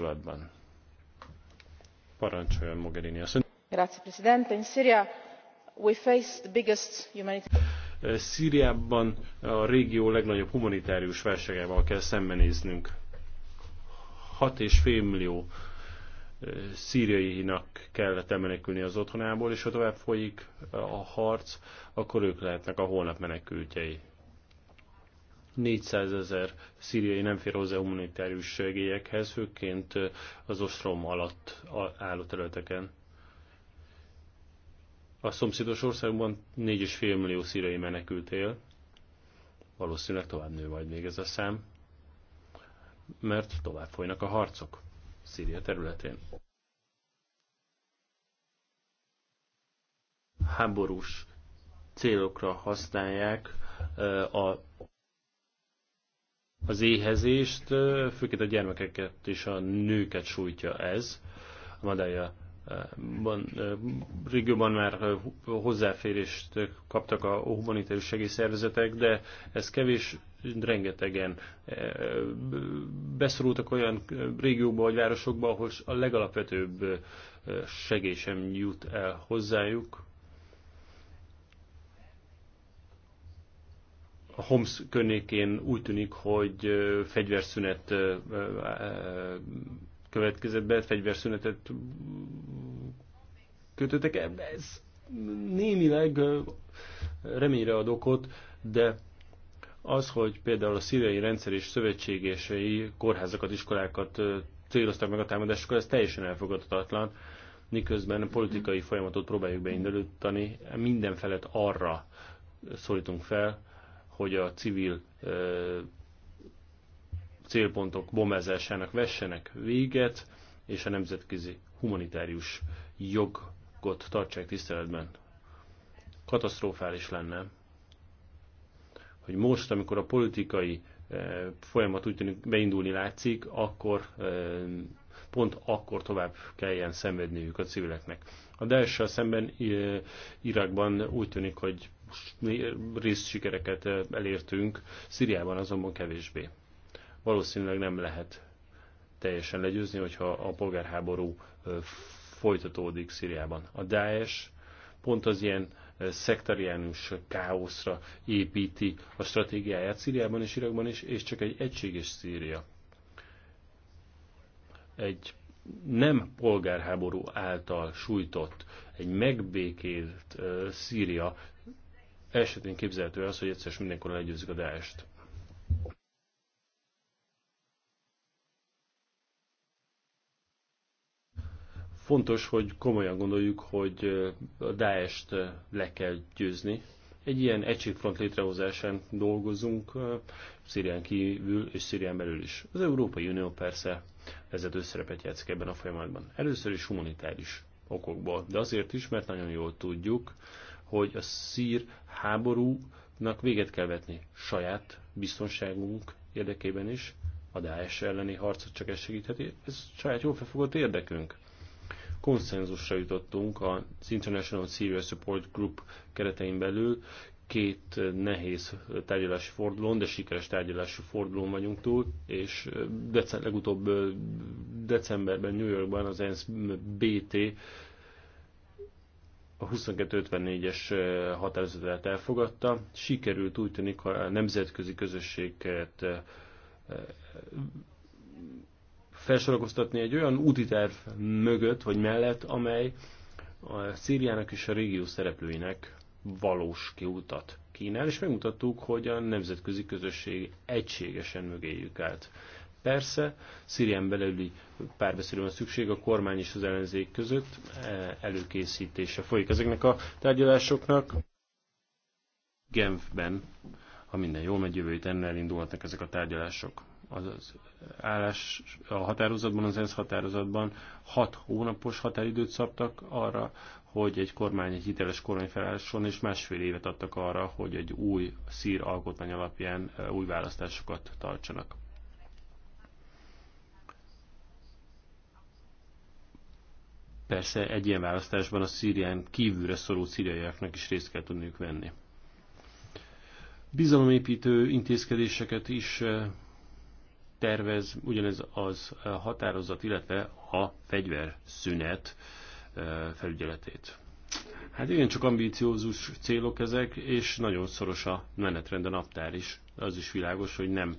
kapcsolatban. Parancsoljon Mogherini asszony. Grazie, eh, Szíriában a régió legnagyobb humanitárius válságával kell szembenéznünk. 6,5 millió eh, szíriainak kellett elmenekülni az otthonából, és ha tovább folyik eh, a harc, akkor ők lehetnek a holnap menekültjei. 400 ezer szíriai nem fér hozzá humanitárius segélyekhez, főként az ostrom alatt álló területeken. A szomszédos országban 4,5 millió szíriai menekült él, valószínűleg tovább nő majd még ez a szám, mert tovább folynak a harcok Szíria területén. Háborús célokra használják a az éhezést, főként a gyermekeket és a nőket sújtja ez. A Madája régióban már hozzáférést kaptak a humanitárius segélyszervezetek, de ez kevés, rengetegen beszorultak olyan régiókba vagy városokba, ahol a legalapvetőbb segély sem jut el hozzájuk. a Homs környékén úgy tűnik, hogy fegyverszünet következett be, fegyverszünetet kötöttek. Ez némileg reményre ad okot, de az, hogy például a szíriai rendszer és szövetségesei kórházakat, iskolákat céloztak meg a támadásokkal, ez teljesen elfogadhatatlan, miközben a politikai folyamatot próbáljuk beindítani, minden felett arra szólítunk fel, hogy a civil célpontok bombázásának vessenek véget, és a nemzetközi humanitárius jogot tartsák tiszteletben. Katasztrofális lenne, hogy most, amikor a politikai folyamat úgy tűnik beindulni látszik, akkor pont akkor tovább kelljen szenvedniük a civileknek. A daesh szemben Irakban úgy tűnik, hogy sikereket eh, elértünk, Szíriában azonban kevésbé. Valószínűleg nem lehet teljesen legyőzni, hogyha a polgárháború eh, folytatódik Szíriában. A Daesh pont az ilyen eh, szektariánus káoszra építi a stratégiáját Szíriában és Irakban is, és csak egy egységes Szíria. Egy nem polgárháború által sújtott, egy megbékélt Szíria esetén képzelhető az, hogy egyszer mindenkor legyőzzük a Daest. Fontos, hogy komolyan gondoljuk, hogy a Daest le kell győzni. Egy ilyen egységfront létrehozásán dolgozunk Szírián kívül és Szírián belül is. Az Európai Unió persze vezető szerepet játszik ebben a folyamatban. Először is humanitáris okokból, de azért is, mert nagyon jól tudjuk, hogy a szír háborúnak véget kell vetni saját biztonságunk érdekében is, a Daesh elleni harcot csak ez segítheti, ez saját jól felfogott érdekünk. Konszenzusra jutottunk az International Civil Support Group keretein belül, két nehéz tárgyalási fordulón, de sikeres tárgyalási fordulón vagyunk túl, és dece legutóbb decemberben New Yorkban az ENSZ BT a 2254-es határozatát elfogadta. Sikerült úgy tűnik a nemzetközi közösséget felsorakoztatni egy olyan úti terv mögött, vagy mellett, amely a Szíriának és a régió szereplőinek valós kiutat kínál, és megmutattuk, hogy a nemzetközi közösség egységesen mögéjük állt. Persze, Szírián belüli párbeszédre van szükség a kormány és az ellenzék között, e, előkészítése folyik ezeknek a tárgyalásoknak. Genfben, ha minden jól megy, jövő héten elindulhatnak ezek a tárgyalások. Az, az állás a határozatban, az ENSZ határozatban hat hónapos határidőt szabtak arra, hogy egy kormány, egy hiteles kormány felálláson, és másfél évet adtak arra, hogy egy új szír alkotmány alapján e, új választásokat tartsanak. Persze egy ilyen választásban a Szírián kívülre szorult szíriaiaknak is részt kell tudniuk venni. Bizalomépítő intézkedéseket is eh, tervez ugyanez az eh, határozat, illetve a fegyverszünet eh, felügyeletét. Hát igen, csak ambíciózus célok ezek, és nagyon szoros a menetrend, a naptár is. Az is világos, hogy nem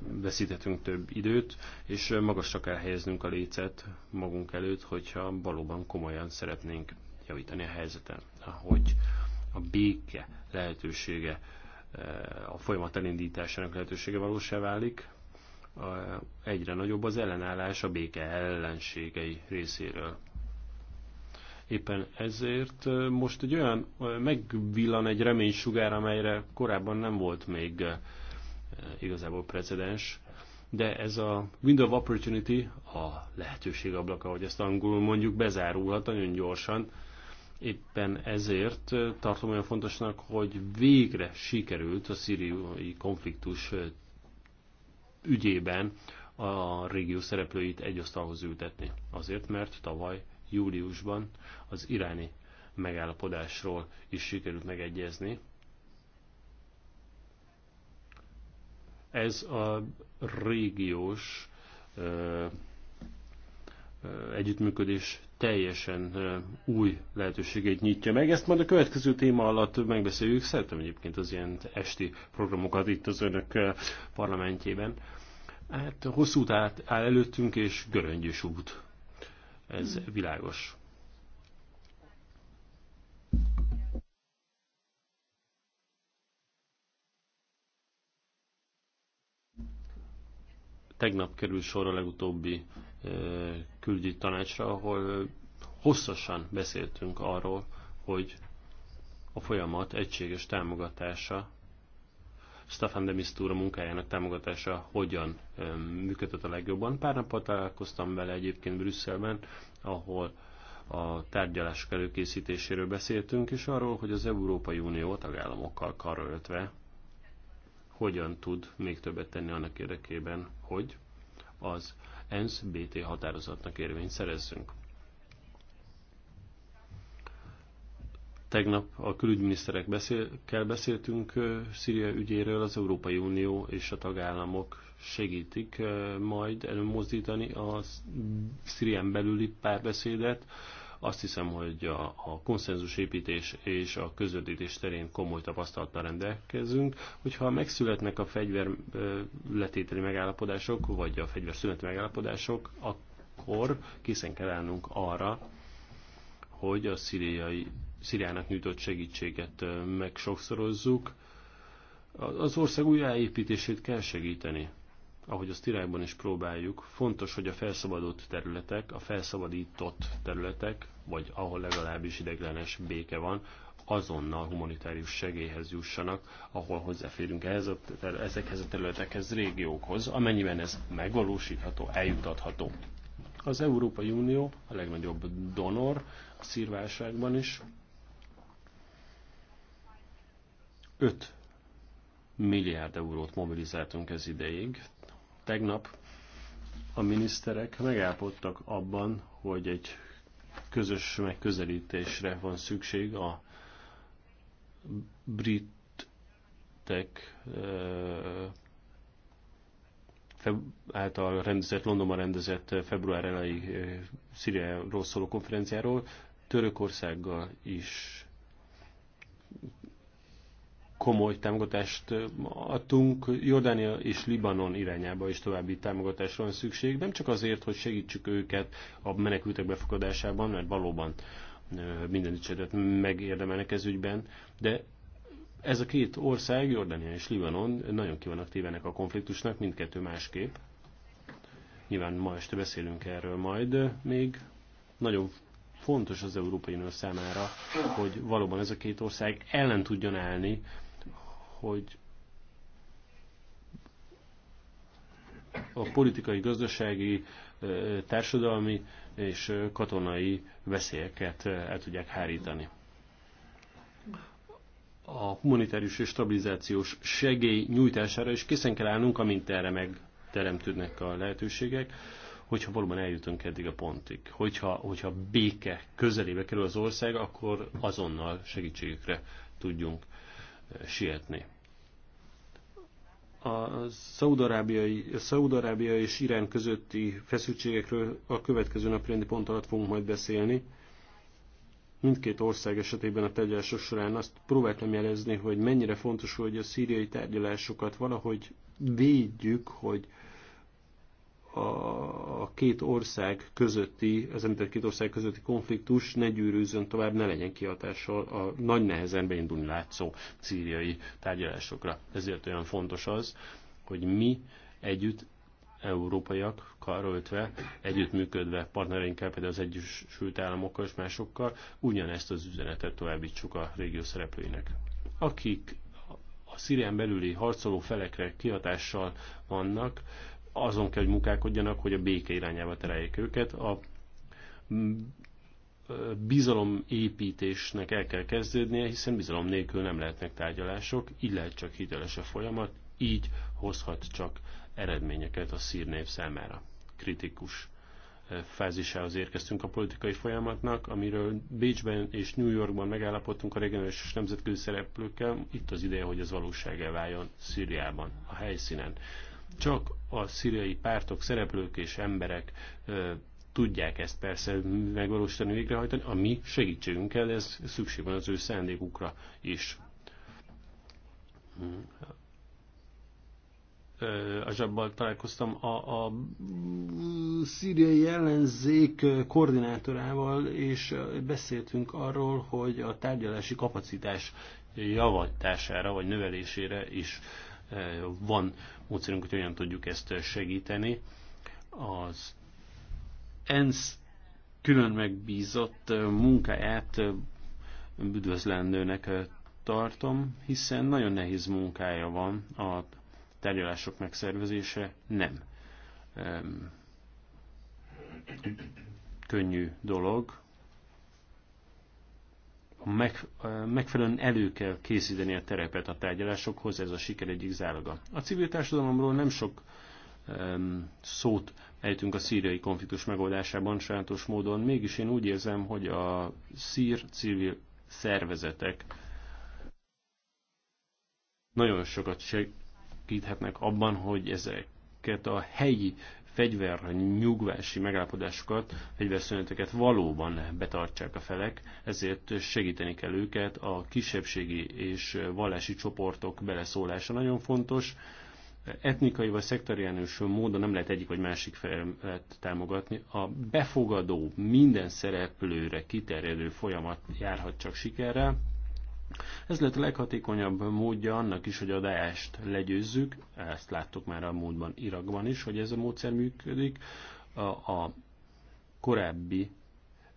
veszíthetünk több időt, és magasra kell helyeznünk a lécet magunk előtt, hogyha valóban komolyan szeretnénk javítani a helyzeten. Hogy a béke lehetősége, eh, a folyamat elindításának lehetősége valósá válik, egyre nagyobb az ellenállás a béke ellenségei részéről. Éppen ezért eh, most egy olyan, eh, megvillan egy reménysugár, amelyre korábban nem volt még Eh, igazából precedens, de ez a window of opportunity, a lehetőség ablaka, ahogy ezt angolul mondjuk, bezárulhat nagyon gyorsan. Éppen ezért eh, tartom olyan fontosnak, hogy végre sikerült a szíriai konfliktus eh, ügyében a régió szereplőit egy asztalhoz ültetni. Azért, mert tavaly júliusban az iráni megállapodásról is sikerült megegyezni, Ez a régiós együttműködés teljesen új lehetőségét nyitja meg. Ezt majd a következő téma alatt megbeszéljük. Szeretem egyébként az ilyen esti programokat itt az önök parlamentjében. Hát hosszú út áll előttünk, és göröngyös út. Ez világos. Tegnap kerül sor a legutóbbi e, külügyi tanácsra, ahol hosszasan beszéltünk arról, hogy a folyamat egységes támogatása, Stefan de Mistura munkájának támogatása hogyan e, működött a legjobban. Pár nappal találkoztam vele egyébként Brüsszelben, ahol a tárgyalások előkészítéséről beszéltünk, és arról, hogy az Európai Unió tagállamokkal karöltve hogyan tud még többet tenni annak érdekében, hogy az ENSZ BT határozatnak érvényt szerezzünk. Tegnap a külügyminiszterek beszélkel beszéltünk Szíria ügyéről, az Európai Unió és a tagállamok segítik majd előmozdítani a Szírián belüli párbeszédet, azt hiszem, hogy a, a konszenzusépítés és a közvetítés terén komoly tapasztalattal rendelkezünk. Hogyha megszületnek a fegyver letételi megállapodások, vagy a fegyverszünet megállapodások, akkor készen kell állnunk arra, hogy a szíriai, Szíriának nyújtott segítséget megsokszorozzuk. Az ország újjáépítését kell segíteni ahogy azt irányban is próbáljuk, fontos, hogy a felszabadult területek, a felszabadított területek, vagy ahol legalábbis ideglenes béke van, azonnal humanitárius segélyhez jussanak, ahol hozzáférünk ehhez a, ezekhez a területekhez, régiókhoz, amennyiben ez megvalósítható, eljutatható. Az Európai Unió a legnagyobb donor a szírválságban is. 5 milliárd eurót mobilizáltunk ez ideig, Tegnap a miniszterek megállapodtak abban, hogy egy közös megközelítésre van szükség a britek által rendezett, Londonban rendezett február elejé Szíriáról szóló konferenciáról, Törökországgal is komoly támogatást adtunk. Jordánia és Libanon irányába is további támogatásra van szükség, nem csak azért, hogy segítsük őket a menekültek befogadásában, mert valóban minden dicséretet megérdemelnek ez ügyben, de ez a két ország, Jordánia és Libanon nagyon kivannak tévenek a konfliktusnak, mindkettő másképp. Nyilván ma este beszélünk erről majd még. Nagyon fontos az Európai Unió számára, hogy valóban ez a két ország ellen tudjon állni hogy a politikai, gazdasági, társadalmi és katonai veszélyeket el tudják hárítani. A humanitárius és stabilizációs segély nyújtására is készen kell állnunk, amint erre megteremtődnek a lehetőségek, hogyha valóban eljutunk eddig a pontig. Hogyha, hogyha béke közelébe kerül az ország, akkor azonnal segítségükre tudjunk sietni. A Szaudarábia és Irán közötti feszültségekről a következő naprendi pont alatt fogunk majd beszélni. Mindkét ország esetében a tárgyalások során azt próbáltam jelezni, hogy mennyire fontos, hogy a szíriai tárgyalásokat valahogy védjük, hogy a két ország közötti, az említett két ország közötti konfliktus ne gyűrűzön tovább, ne legyen kihatással a nagy nehezen beindulni látszó szíriai tárgyalásokra. Ezért olyan fontos az, hogy mi együtt európaiak karöltve, együttműködve partnereinkkel, például az Egyesült Államokkal és másokkal, ugyanezt az üzenetet továbbítsuk a régió szereplőinek. Akik a Szírián belüli harcoló felekre kihatással vannak, azon kell, hogy munkálkodjanak, hogy a béke irányába tereljék őket. A bizalomépítésnek el kell kezdődnie, hiszen bizalom nélkül nem lehetnek tárgyalások, így lehet csak hiteles a folyamat, így hozhat csak eredményeket a szírnév számára. Kritikus fázisához érkeztünk a politikai folyamatnak, amiről Bécsben és New Yorkban megállapodtunk a regionális és nemzetközi szereplőkkel, itt az ideje, hogy ez valóságá váljon Szíriában, a helyszínen. Csak a szíriai pártok, szereplők és emberek tudják ezt persze megvalósítani, végrehajtani, a mi kell, ez szükség van az ő szándékukra is. Hmm. A zsabbal találkoztam a, a szíriai ellenzék koordinátorával, és beszéltünk arról, hogy a tárgyalási kapacitás javatására vagy növelésére is van módszerünk, hogy hogyan tudjuk ezt segíteni. Az ENSZ külön megbízott munkáját üdvözlendőnek tartom, hiszen nagyon nehéz munkája van a tárgyalások megszervezése, nem könnyű dolog a meg, megfelelően elő kell készíteni a terepet a tárgyalásokhoz, ez a siker egyik záloga. A civil társadalomról nem sok um, szót ejtünk a szíriai konfliktus megoldásában sajátos módon, mégis én úgy érzem, hogy a szír civil szervezetek nagyon sokat segíthetnek abban, hogy ezeket a helyi fegyver nyugvási megállapodásokat, fegyverszöneteket valóban betartsák a felek, ezért segíteni kell őket, a kisebbségi és vallási csoportok beleszólása nagyon fontos, etnikai vagy szektoriánus módon nem lehet egyik vagy másik felet támogatni. A befogadó, minden szereplőre kiterjedő folyamat járhat csak sikerrel, ez lett a leghatékonyabb módja annak is, hogy a Daesh-t legyőzzük, ezt láttuk már a múltban Irakban is, hogy ez a módszer működik. A, a korábbi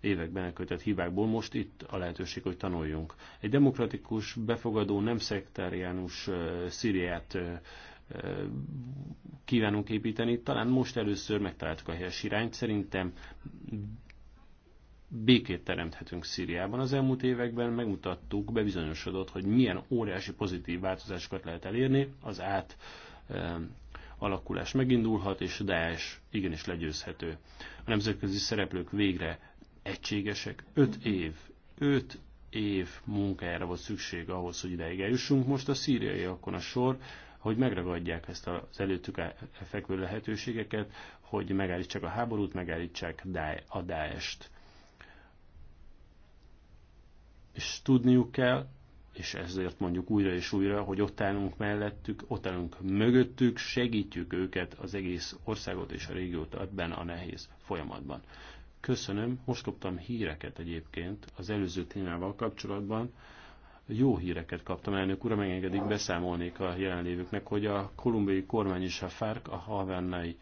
években elkövetett hibákból most itt a lehetőség, hogy tanuljunk. Egy demokratikus, befogadó, nem szektáriánus Szíriát kívánunk építeni. Talán most először megtaláltuk a helyes irányt, szerintem békét teremthetünk Szíriában. Az elmúlt években megmutattuk, bebizonyosodott, hogy milyen óriási pozitív változásokat lehet elérni, az át e, alakulás megindulhat, és Daesh igenis legyőzhető. A nemzetközi szereplők végre egységesek. Öt év, öt év munkájára volt szükség ahhoz, hogy ideig eljussunk. Most a szíriaiakon a sor, hogy megragadják ezt az előttük fekvő lehetőségeket, hogy megállítsák a háborút, megállítsák a Daest. tudniuk kell, és ezért mondjuk újra és újra, hogy ott állunk mellettük, ott állunk mögöttük, segítjük őket, az egész országot és a régiót ebben a nehéz folyamatban. Köszönöm, most kaptam híreket egyébként az előző témával kapcsolatban. Jó híreket kaptam, elnök ura, megengedik, beszámolnék a jelenlévőknek, hogy a kolumbiai kormány és a FARC a havennai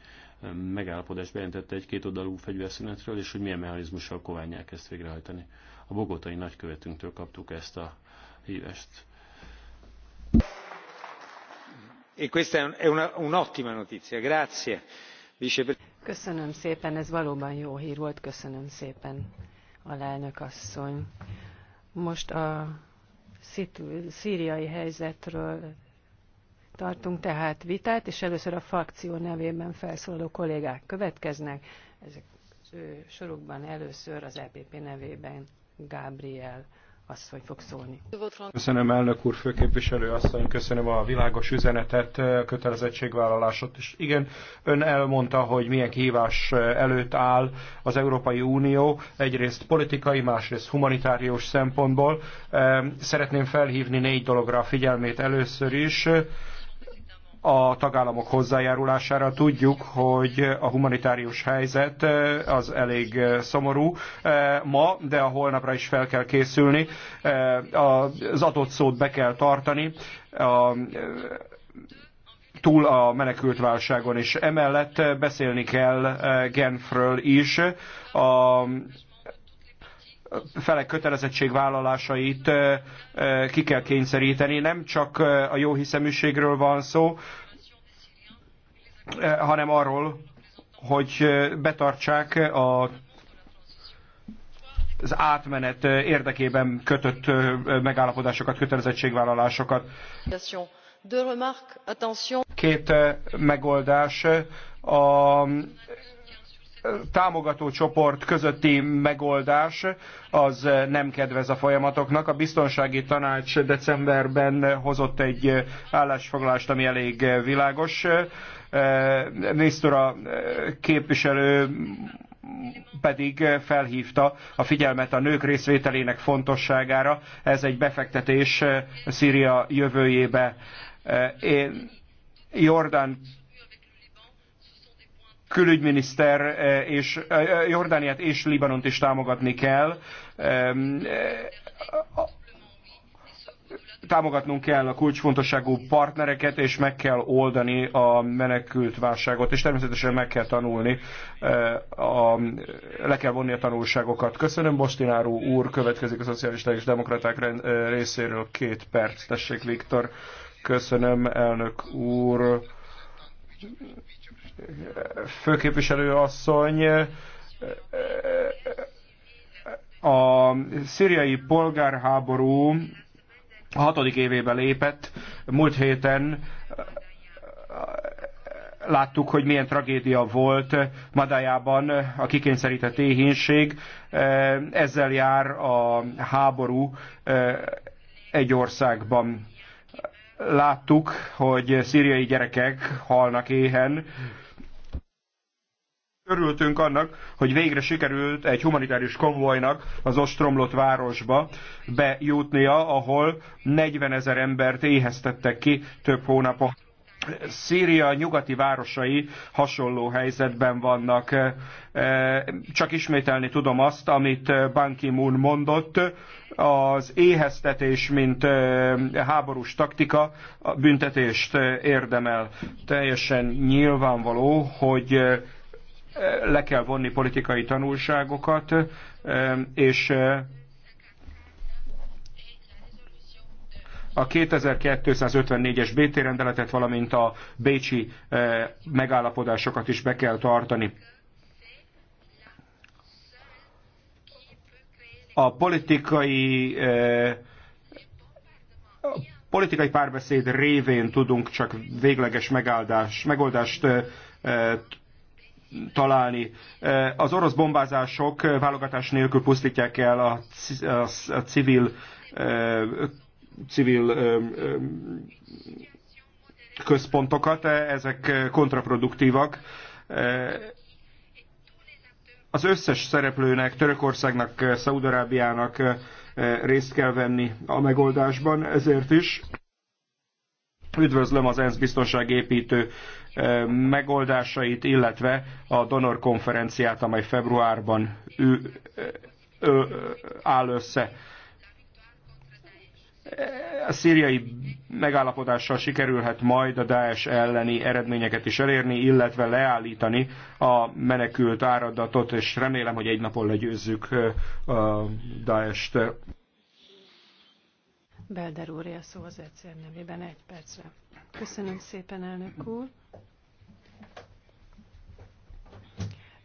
megállapodást bejelentette egy-két oldalú fegyverszünetről, és hogy milyen mechanizmussal kovánják ezt végrehajtani. A bogotai nagykövetünktől kaptuk ezt a hívest. E un'ottima Köszönöm szépen, ez valóban jó hír volt, köszönöm szépen, a lelnök asszony. Most a szíriai helyzetről tartunk tehát vitát, és először a frakció nevében felszóló kollégák következnek. Ezek az sorukban először az EPP nevében Gabriel asszony fog szólni. Köszönöm elnök úr, főképviselő asszony, köszönöm a világos üzenetet, kötelezettségvállalásot is. Igen, ön elmondta, hogy milyen kihívás előtt áll az Európai Unió, egyrészt politikai, másrészt humanitárius szempontból. Ehm, szeretném felhívni négy dologra a figyelmét először is a tagállamok hozzájárulására. Tudjuk, hogy a humanitárius helyzet eh, az elég eh, szomorú eh, ma, de a holnapra is fel kell készülni. Az adott szót be kell tartani. A, túl a menekültválságon is. Emellett beszélni kell Genfről is. A felek kötelezettségvállalásait ki kell kényszeríteni. Nem csak a jó hiszeműségről van szó, hanem arról, hogy betartsák a az átmenet érdekében kötött megállapodásokat, kötelezettségvállalásokat. Két megoldás. A támogató csoport közötti megoldás az nem kedvez a folyamatoknak. A biztonsági tanács decemberben hozott egy állásfoglalást, ami elég világos. Nisztura képviselő pedig felhívta a figyelmet a nők részvételének fontosságára. Ez egy befektetés Szíria jövőjébe. Én Jordán külügyminiszter eh, és eh, eh, Jordániát és Libanont is támogatni kell. Támogatnunk kell a kulcsfontosságú partnereket, és meg kell oldani a menekült válságot, és természetesen meg kell tanulni, a, le kell vonni a tanulságokat. Köszönöm, Bostináró úr, következik a szocialista és demokraták részéről két perc. Tessék, Viktor. Köszönöm, elnök úr főképviselő asszony a szíriai polgárháború a hatodik évébe lépett. Múlt héten láttuk, hogy milyen tragédia volt Madájában a kikényszerített éhínség. Ezzel jár a háború egy országban. Láttuk, hogy szíriai gyerekek halnak éhen, Örültünk annak, hogy végre sikerült egy humanitárius konvojnak az ostromlott városba bejutnia, ahol 40 ezer embert éheztettek ki több hónapon. Szíria nyugati városai hasonló helyzetben vannak. E, csak ismételni tudom azt, amit Ban Ki-moon mondott, az éheztetés, mint e, háborús taktika büntetést érdemel. Teljesen nyilvánvaló, hogy le kell vonni politikai tanulságokat, és a 2254-es BT rendeletet, valamint a bécsi megállapodásokat is be kell tartani. A politikai a politikai párbeszéd révén tudunk csak végleges megáldás, megoldást találni. Az orosz bombázások válogatás nélkül pusztítják el a, a civil civil központokat, ezek kontraproduktívak. Az összes szereplőnek, Törökországnak, Szaudarábiának részt kell venni a megoldásban, ezért is üdvözlöm az ENSZ biztonságépítő megoldásait, illetve a donor konferenciát, amely februárban ő, ő, áll össze. A szíriai megállapodással sikerülhet majd a Daesh elleni eredményeket is elérni, illetve leállítani a menekült áradatot, és remélem, hogy egy napon legyőzzük a Daesh-t. Belder úr, a szó az egyszer nevében egy percre. Köszönöm szépen, elnök úr.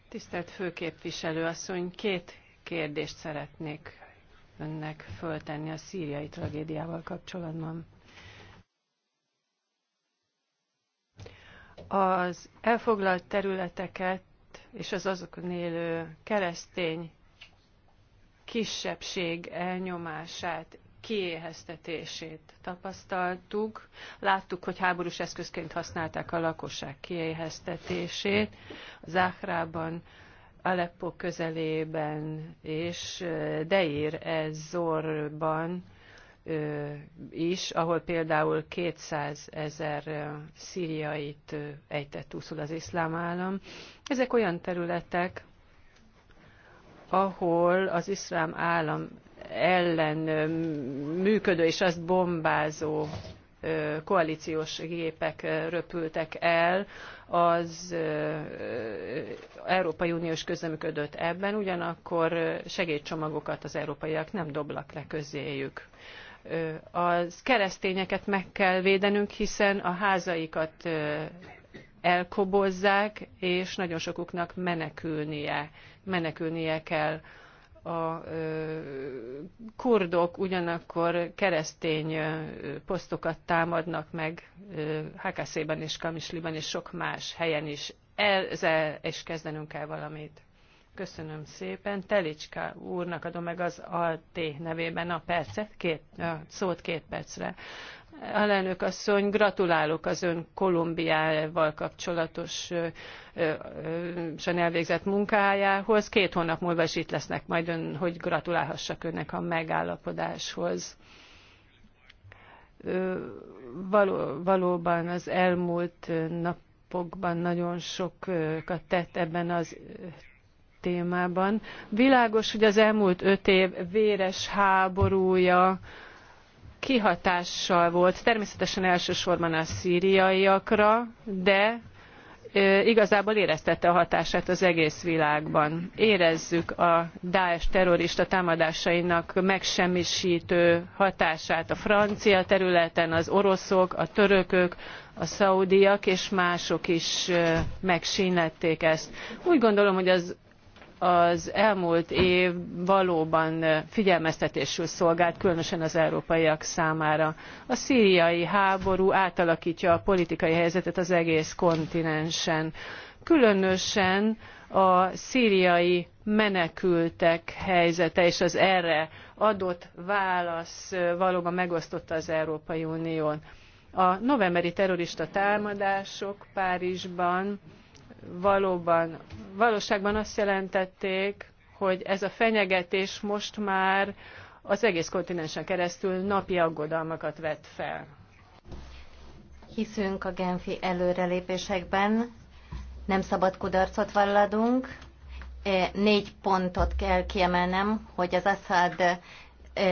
Tisztelt Főképviselő asszony, két kérdést szeretnék önnek föltenni a szíriai tragédiával kapcsolatban. Az elfoglalt területeket és az azokon élő keresztény kisebbség elnyomását kiéheztetését tapasztaltuk. Láttuk, hogy háborús eszközként használták a lakosság kiéheztetését. Záhrában, Aleppo közelében és Deir ez-Zorban is, ahol például 200 ezer szíriait ejtett úszul az iszlám állam. Ezek olyan területek, ahol az iszlám állam ellen működő és azt bombázó koalíciós gépek röpültek el, az Európai Uniós közreműködött ebben, ugyanakkor segélycsomagokat az európaiak nem doblak le közéjük. Az keresztényeket meg kell védenünk, hiszen a házaikat elkobozzák, és nagyon sokuknak menekülnie, menekülnie kell a kurdok ugyanakkor keresztény posztokat támadnak meg Hakaszében és Kamisliban és sok más helyen is. Ezzel is kezdenünk kell valamit. Köszönöm szépen. Telicska úrnak adom meg az AT nevében a percet, két, a szót két percre. Alelnök asszony, gratulálok az ön Kolumbiával kapcsolatosan elvégzett munkájához. Két hónap múlva is itt lesznek majd ön, hogy gratulálhassak önnek a megállapodáshoz. Való, valóban az elmúlt napokban nagyon sokat tett ebben az témában. Világos, hogy az elmúlt öt év véres háborúja, kihatással volt természetesen elsősorban a szriaiakra de igazából éreztette a hatását az egész világban. Érezzük a Daesh terrorista támadásainak megsemmisítő hatását a francia területen, az oroszok, a törökök, a szaudiak és mások is megsínlették ezt. Úgy gondolom, hogy az az elmúlt év valóban figyelmeztetésül szolgált, különösen az európaiak számára. A szíriai háború átalakítja a politikai helyzetet az egész kontinensen. Különösen a szíriai menekültek helyzete és az erre adott válasz valóban megosztotta az Európai Unión. A novemberi terrorista támadások Párizsban valóban, valóságban azt jelentették, hogy ez a fenyegetés most már az egész kontinensen keresztül napi aggodalmakat vet fel. Hiszünk a Genfi előrelépésekben, nem szabad kudarcot valladunk. E, négy pontot kell kiemelnem, hogy az Assad e,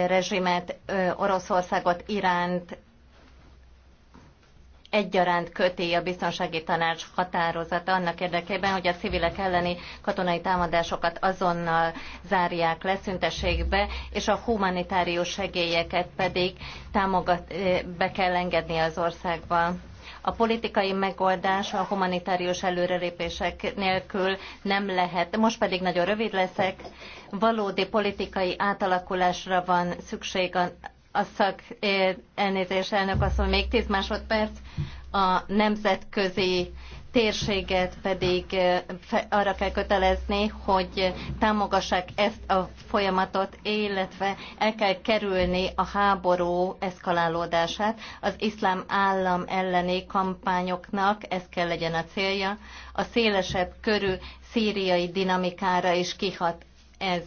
rezsimet, e, Oroszországot, Iránt egyaránt köti a biztonsági tanács határozata annak érdekében, hogy a civilek elleni katonai támadásokat azonnal zárják leszüntességbe, és a humanitárius segélyeket pedig támogat, be kell engedni az országba. A politikai megoldás a humanitárius előrelépések nélkül nem lehet. Most pedig nagyon rövid leszek. Valódi politikai átalakulásra van szükség a szak eh, elnézés elnök asszony, még 10 másodperc, a nemzetközi térséget pedig eh, arra kell kötelezni, hogy támogassák ezt a folyamatot, illetve el kell kerülni a háború eszkalálódását. Az iszlám állam elleni kampányoknak ez kell legyen a célja. A szélesebb körű szíriai dinamikára is kihat ez.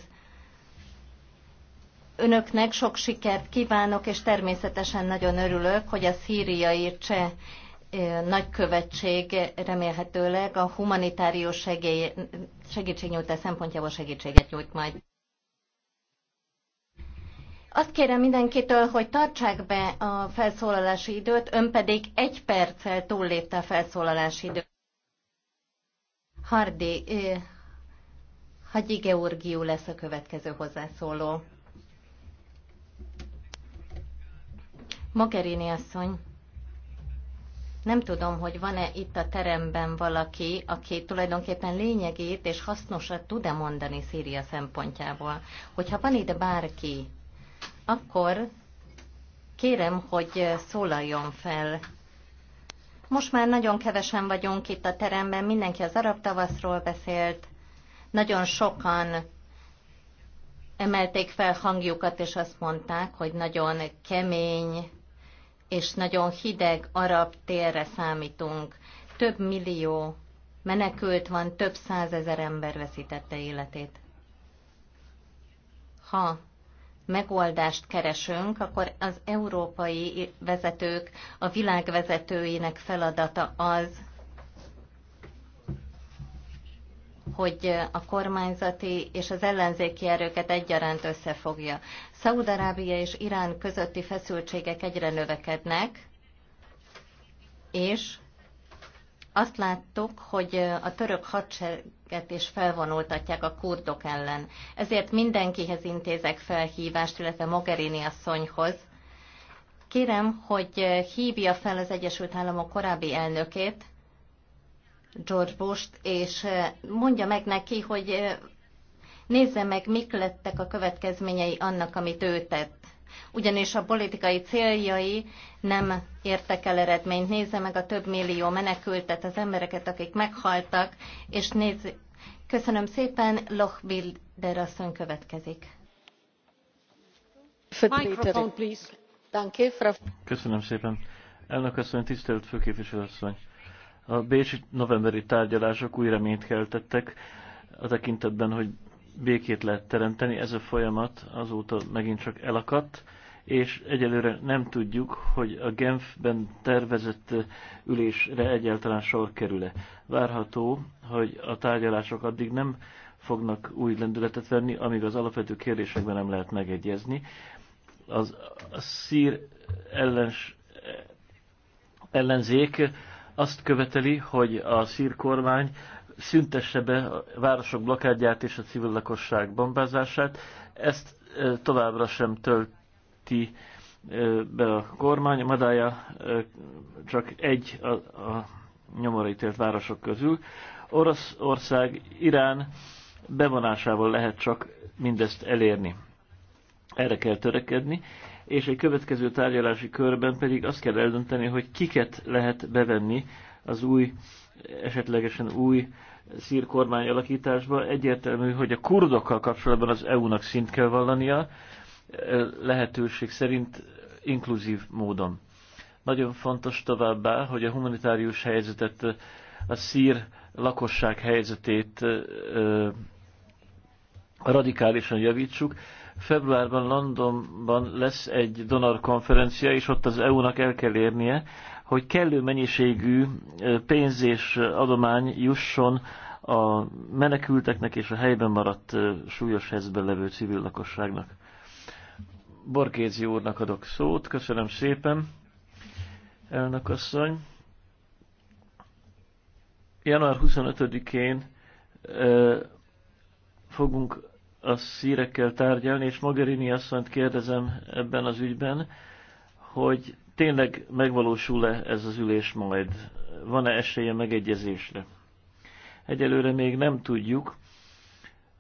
Önöknek sok sikert kívánok, és természetesen nagyon örülök, hogy a szíriai cseh nagykövetség remélhetőleg a humanitárius segély, segítségnyújtás szempontjából segítséget nyújt majd. Azt kérem mindenkitől, hogy tartsák be a felszólalási időt, ön pedig egy perccel túllépte a felszólalási időt. Hardi, Hagyi Georgiú lesz a következő hozzászóló. Mogherini asszony, nem tudom, hogy van-e itt a teremben valaki, aki tulajdonképpen lényegét és hasznosat tud-e mondani Szíria szempontjából. Hogyha van itt bárki, akkor kérem, hogy szólaljon fel. Most már nagyon kevesen vagyunk itt a teremben, mindenki az arab tavaszról beszélt, nagyon sokan emelték fel hangjukat, és azt mondták, hogy nagyon kemény és nagyon hideg arab térre számítunk. Több millió menekült van, több százezer ember veszítette életét. Ha megoldást keresünk, akkor az európai vezetők, a világ vezetőinek feladata az, hogy a kormányzati és az ellenzéki erőket egyaránt összefogja. Szaudarábia és Irán közötti feszültségek egyre növekednek, és azt láttuk, hogy a török hadsereget is felvonultatják a kurdok ellen. Ezért mindenkihez intézek felhívást, illetve Mogherini asszonyhoz. Kérem, hogy hívja fel az Egyesült Államok korábbi elnökét, George Bush-t, és mondja meg neki, hogy nézze meg, mik lettek a következményei annak, amit ő tett. Ugyanis a politikai céljai nem értek el eredményt. Nézze meg a több millió menekültet, az embereket, akik meghaltak, és nézze. Köszönöm szépen, Loch Bilder asszony következik. Köszönöm szépen. Elnök asszony, tisztelt főképviselő asszony a Bécsi novemberi tárgyalások új reményt keltettek a tekintetben, hogy békét lehet teremteni. Ez a folyamat azóta megint csak elakadt, és egyelőre nem tudjuk, hogy a Genfben tervezett ülésre egyáltalán sor kerül-e. Várható, hogy a tárgyalások addig nem fognak új lendületet venni, amíg az alapvető kérdésekben nem lehet megegyezni. Az a szír ellens, ellenzék azt követeli, hogy a szír kormány szüntesse be a városok blokádját és a civil lakosság bombázását. Ezt továbbra sem tölti be a kormány. Madája csak egy a, a nyomorítélt városok közül. Oroszország, Irán bevonásával lehet csak mindezt elérni. Erre kell törekedni, és egy következő tárgyalási körben pedig azt kell eldönteni, hogy kiket lehet bevenni az új, esetlegesen új szír kormány alakításba. Egyértelmű, hogy a kurdokkal kapcsolatban az EU-nak szint kell vallania, lehetőség szerint inkluzív módon. Nagyon fontos továbbá, hogy a humanitárius helyzetet, a szír lakosság helyzetét radikálisan javítsuk, Februárban Londonban lesz egy donor konferencia, és ott az EU-nak el kell érnie, hogy kellő mennyiségű pénz és adomány jusson a menekülteknek és a helyben maradt súlyos helyzetben levő civil lakosságnak. Borkézi úrnak adok szót, köszönöm szépen, elnök asszony. Január 25-én fogunk a szírekkel tárgyalni, és Mogherini asszonyt kérdezem ebben az ügyben, hogy tényleg megvalósul-e ez az ülés majd? Van-e esélye megegyezésre? Egyelőre még nem tudjuk,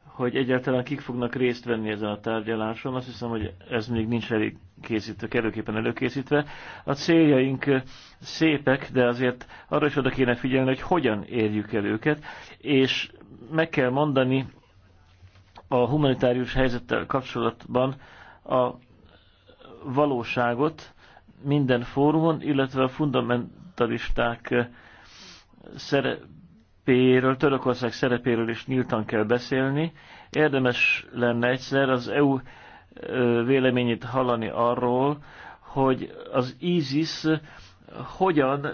hogy egyáltalán kik fognak részt venni ezen a tárgyaláson. Azt hiszem, hogy ez még nincs elég készítve, kerülképpen előkészítve. A céljaink szépek, de azért arra is oda kéne figyelni, hogy hogyan érjük el őket, és meg kell mondani a humanitárius helyzettel kapcsolatban a valóságot minden fórumon, illetve a fundamentalisták szerepéről, Törökország szerepéről is nyíltan kell beszélni. Érdemes lenne egyszer az EU véleményét hallani arról, hogy az ISIS hogyan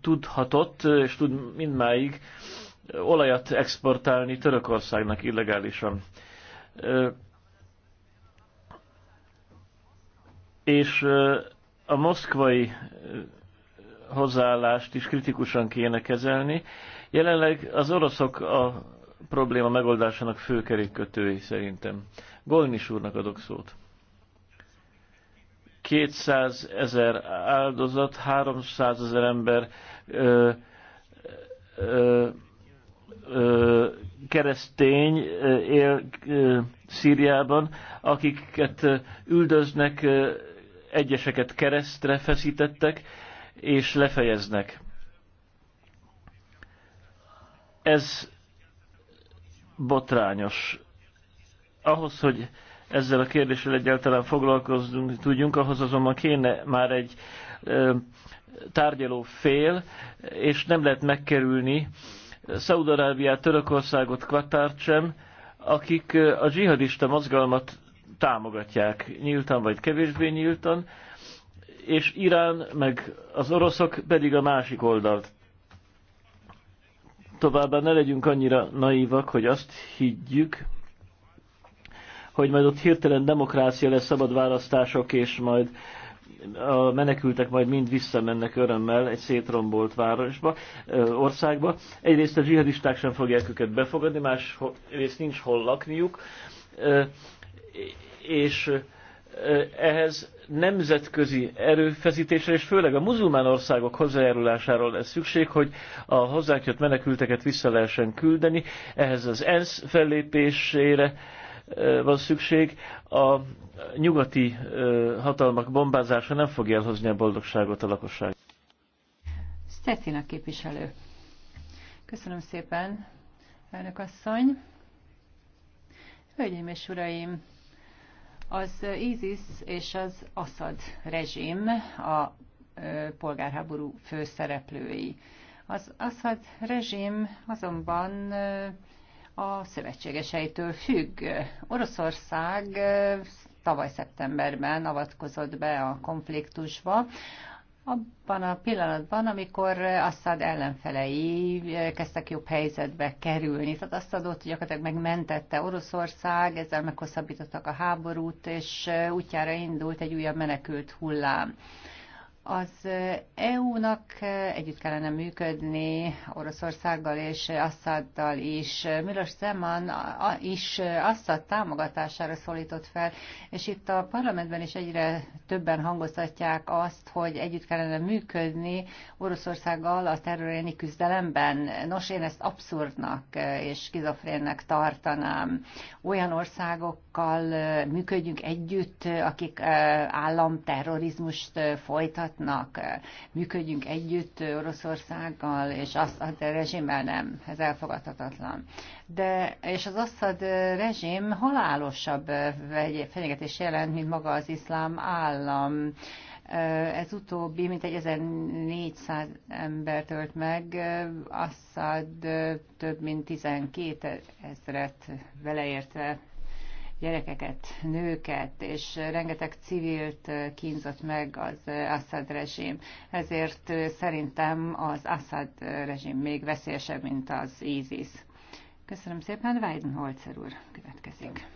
tudhatott és tud mindmáig olajat exportálni Törökországnak illegálisan. És a moszkvai hozzáállást is kritikusan kéne kezelni. Jelenleg az oroszok a probléma megoldásának fő kerékkötői szerintem. Golnis úrnak adok szót. 200 ezer áldozat, 300 ezer ember ö, ö, keresztény él Szíriában, akiket üldöznek, egyeseket keresztre feszítettek, és lefejeznek. Ez botrányos. Ahhoz, hogy ezzel a kérdéssel egyáltalán foglalkozunk, tudjunk, ahhoz azonban kéne már egy tárgyaló fél, és nem lehet megkerülni Szaudarábiát, Törökországot, Katárt sem, akik a dzsihadista mozgalmat támogatják, nyíltan vagy kevésbé nyíltan, és Irán meg az oroszok pedig a másik oldalt. Továbbá ne legyünk annyira naívak, hogy azt higgyük, hogy majd ott hirtelen demokrácia lesz, szabad választások, és majd a menekültek majd mind visszamennek örömmel egy szétrombolt városba, országba. Egyrészt a zsihadisták sem fogják őket befogadni, másrészt nincs hol lakniuk, és ehhez nemzetközi erőfeszítésre, és főleg a muzulmán országok hozzájárulásáról lesz szükség, hogy a hozzánk jött menekülteket vissza lehessen küldeni, ehhez az ENSZ fellépésére, van szükség. A nyugati hatalmak bombázása nem fogja elhozni a boldogságot a lakosság. Szecina képviselő. Köszönöm szépen, elnök asszony. Hölgyeim és uraim, az ISIS és az Assad rezsim a polgárháború főszereplői. Az Assad rezsim azonban a szövetségeseitől függ. Oroszország tavaly szeptemberben avatkozott be a konfliktusba, abban a pillanatban, amikor Assad ellenfelei kezdtek jobb helyzetbe kerülni. Tehát hogy gyakorlatilag megmentette Oroszország, ezzel meghosszabbítottak a háborút, és útjára indult egy újabb menekült hullám. Az EU-nak eh, együtt kellene működni Oroszországgal és Assaddal is. Milos Zeman is Assad támogatására szólított fel, és itt a parlamentben is egyre többen hangoztatják azt, hogy együtt kellene működni Oroszországgal a terroréni küzdelemben. Nos, én ezt abszurdnak eh, és skizofrénnek tartanám. Olyan országokkal eh, működjünk együtt, akik államterrorizmust folytatnak, barátnak, Működjünk együtt Oroszországgal, és az a rezsimmel nem, ez elfogadhatatlan. De, és az Assad rezsim halálosabb fenyegetés jelent, mint maga az iszlám állam. Ez utóbbi, mint egy 1400 ember tölt meg, Assad több mint 12 ezret beleértve gyerekeket, nőket, és rengeteg civilt kínzott meg az Assad rezsim. Ezért szerintem az Assad rezsim még veszélyesebb, mint az ISIS. Köszönöm szépen, Weidenholzer úr következik.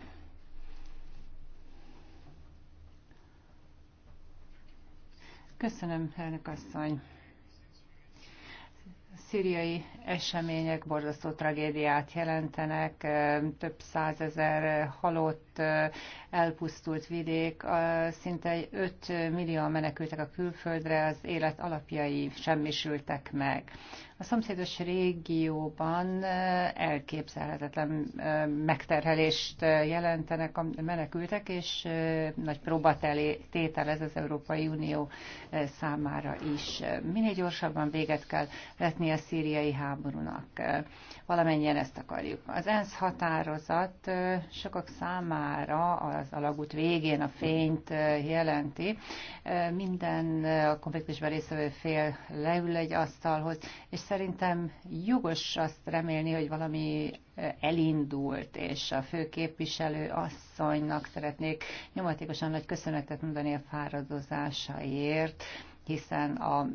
Köszönöm, elnök asszony. A szíriai események borzasztó tragédiát jelentenek, több százezer halott, elpusztult vidék, szinte 5 millió menekültek a külföldre, az élet alapjai semmisültek meg. A szomszédos régióban elképzelhetetlen megterhelést jelentenek a menekültek, és nagy próbatelé tétel ez az Európai Unió számára is. Minél gyorsabban véget kell vetni a szíriai háború háborúnak. Valamennyien ezt akarjuk. Az ENSZ határozat sokak számára az alagút végén a fényt jelenti. Minden a konfliktusban részvevő fél leül egy asztalhoz, és szerintem jogos azt remélni, hogy valami elindult, és a főképviselő asszonynak szeretnék nyomatékosan nagy köszönetet mondani a fáradozásaért, hiszen a,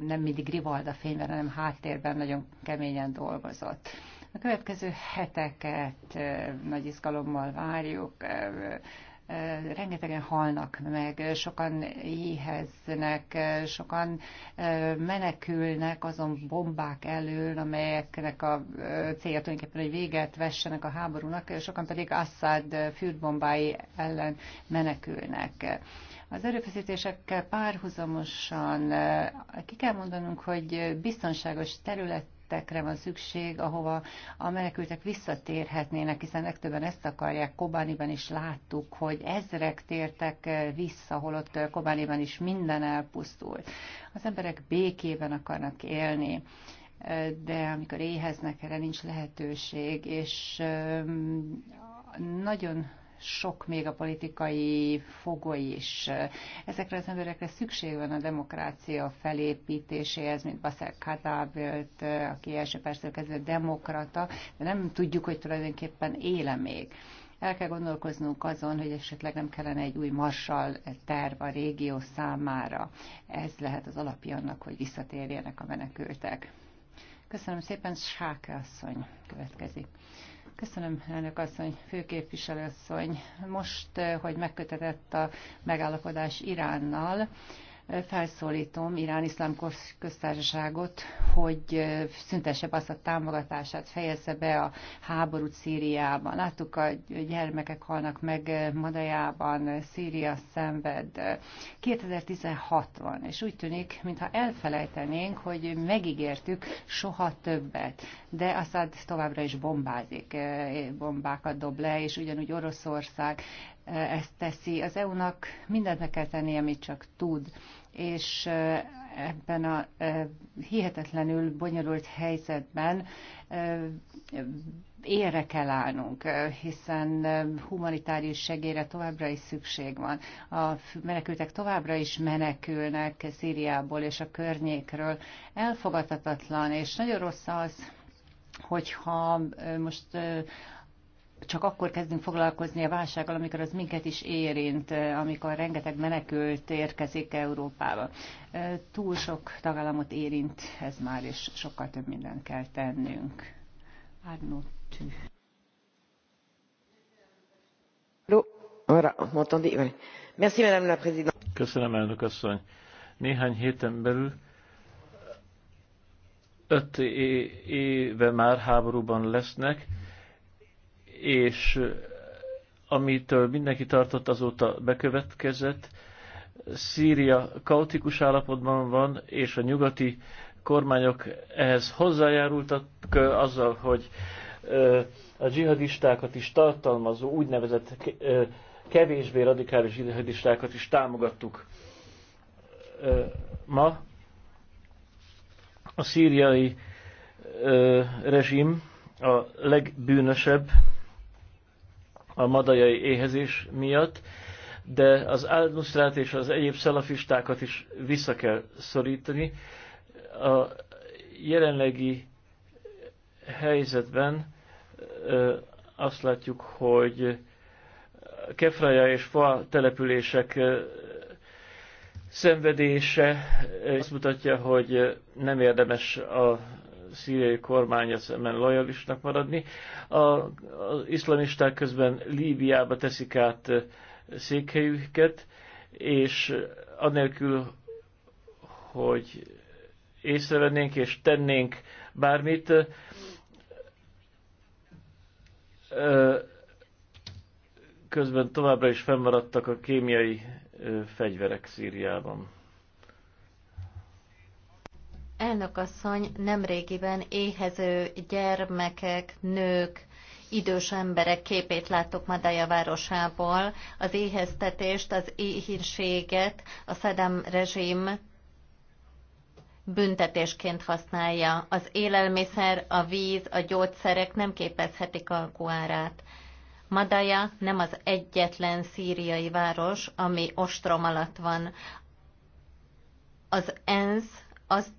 nem mindig Rivalda fényben, hanem háttérben nagyon keményen dolgozott. A következő heteket nagy izgalommal várjuk. Rengetegen halnak meg, sokan éheznek, sokan menekülnek azon bombák elől, amelyeknek a célja tulajdonképpen, hogy véget vessenek a háborúnak, sokan pedig Assad fürdbombái ellen menekülnek az erőfeszítésekkel párhuzamosan eh, ki kell mondanunk, hogy biztonságos terület területekre van szükség, ahova a menekültek visszatérhetnének, hiszen legtöbben ezt akarják. Kobániban is láttuk, hogy ezrek tértek eh, vissza, holott eh, Kobániban is minden elpusztult. Az emberek békében akarnak élni de amikor éheznek, erre nincs lehetőség, és nagyon sok még a politikai fogoly is. Ezekre az emberekre szükség van a demokrácia felépítéséhez, mint Baszer Kadábölt, aki első perctől kezdve demokrata, de nem tudjuk, hogy tulajdonképpen éle még. El kell gondolkoznunk azon, hogy esetleg nem kellene egy új marsal terv a régió számára. Ez lehet az alapja annak, hogy visszatérjenek a menekültek. Köszönöm szépen, Sáke asszony következik. Köszönöm, elnök asszony, főképviselő asszony. Most, eh, hogy megkötetett a megállapodás Iránnal, felszólítom Irán Iszlám köztársaságot, hogy szüntesse azt a támogatását, fejezze be a háborút Szíriában. Láttuk, a gyermekek halnak meg Madajában, Szíria szenved. 2016 van, és úgy tűnik, mintha elfelejtenénk, hogy megígértük soha többet, de Assad továbbra is bombázik, bombákat dob le, és ugyanúgy Oroszország ezt teszi. Az EU-nak mindent meg kell tennie, amit csak tud és ebben a hihetetlenül bonyolult helyzetben érre kell állnunk, hiszen humanitárius segélyre továbbra is szükség van. A menekültek továbbra is menekülnek Szíriából és a környékről. Elfogadhatatlan, és nagyon rossz az, hogyha most csak akkor kezdünk foglalkozni a válsággal, amikor az minket is érint, amikor rengeteg menekült érkezik Európába. Túl sok tagállamot érint ez már, és sokkal több mindent kell tennünk. Arnaud Köszönöm, elnök asszony. Néhány héten belül öt éve már háborúban lesznek, és eh, amitől mindenki tartott, azóta bekövetkezett. Szíria kaotikus állapotban van, és a nyugati kormányok ehhez hozzájárultak eh, azzal, hogy eh, a dzsihadistákat is tartalmazó úgynevezett kevésbé radikális dzsihadistákat is támogattuk. Ma a szíriai rezsim a legbűnösebb a madajai éhezés miatt, de az al és az egyéb szalafistákat is vissza kell szorítani. A jelenlegi helyzetben azt látjuk, hogy Kefraja és Fa települések szenvedése azt mutatja, hogy nem érdemes a szíriai kormány szemben lojalisnak maradni. A, az iszlamisták közben Líbiába teszik át székhelyüket, és anélkül, hogy észrevennénk és tennénk bármit, közben továbbra is fennmaradtak a kémiai fegyverek Szíriában. Elnökasszony nemrégiben éhező gyermekek, nők, idős emberek képét láttuk Madája városából. Az éheztetést, az éhínséget a Saddam rezsim büntetésként használja. Az élelmiszer, a víz, a gyógyszerek nem képezhetik alkuárát. Madaja nem az egyetlen szíriai város, ami ostrom alatt van. Az ENSZ azt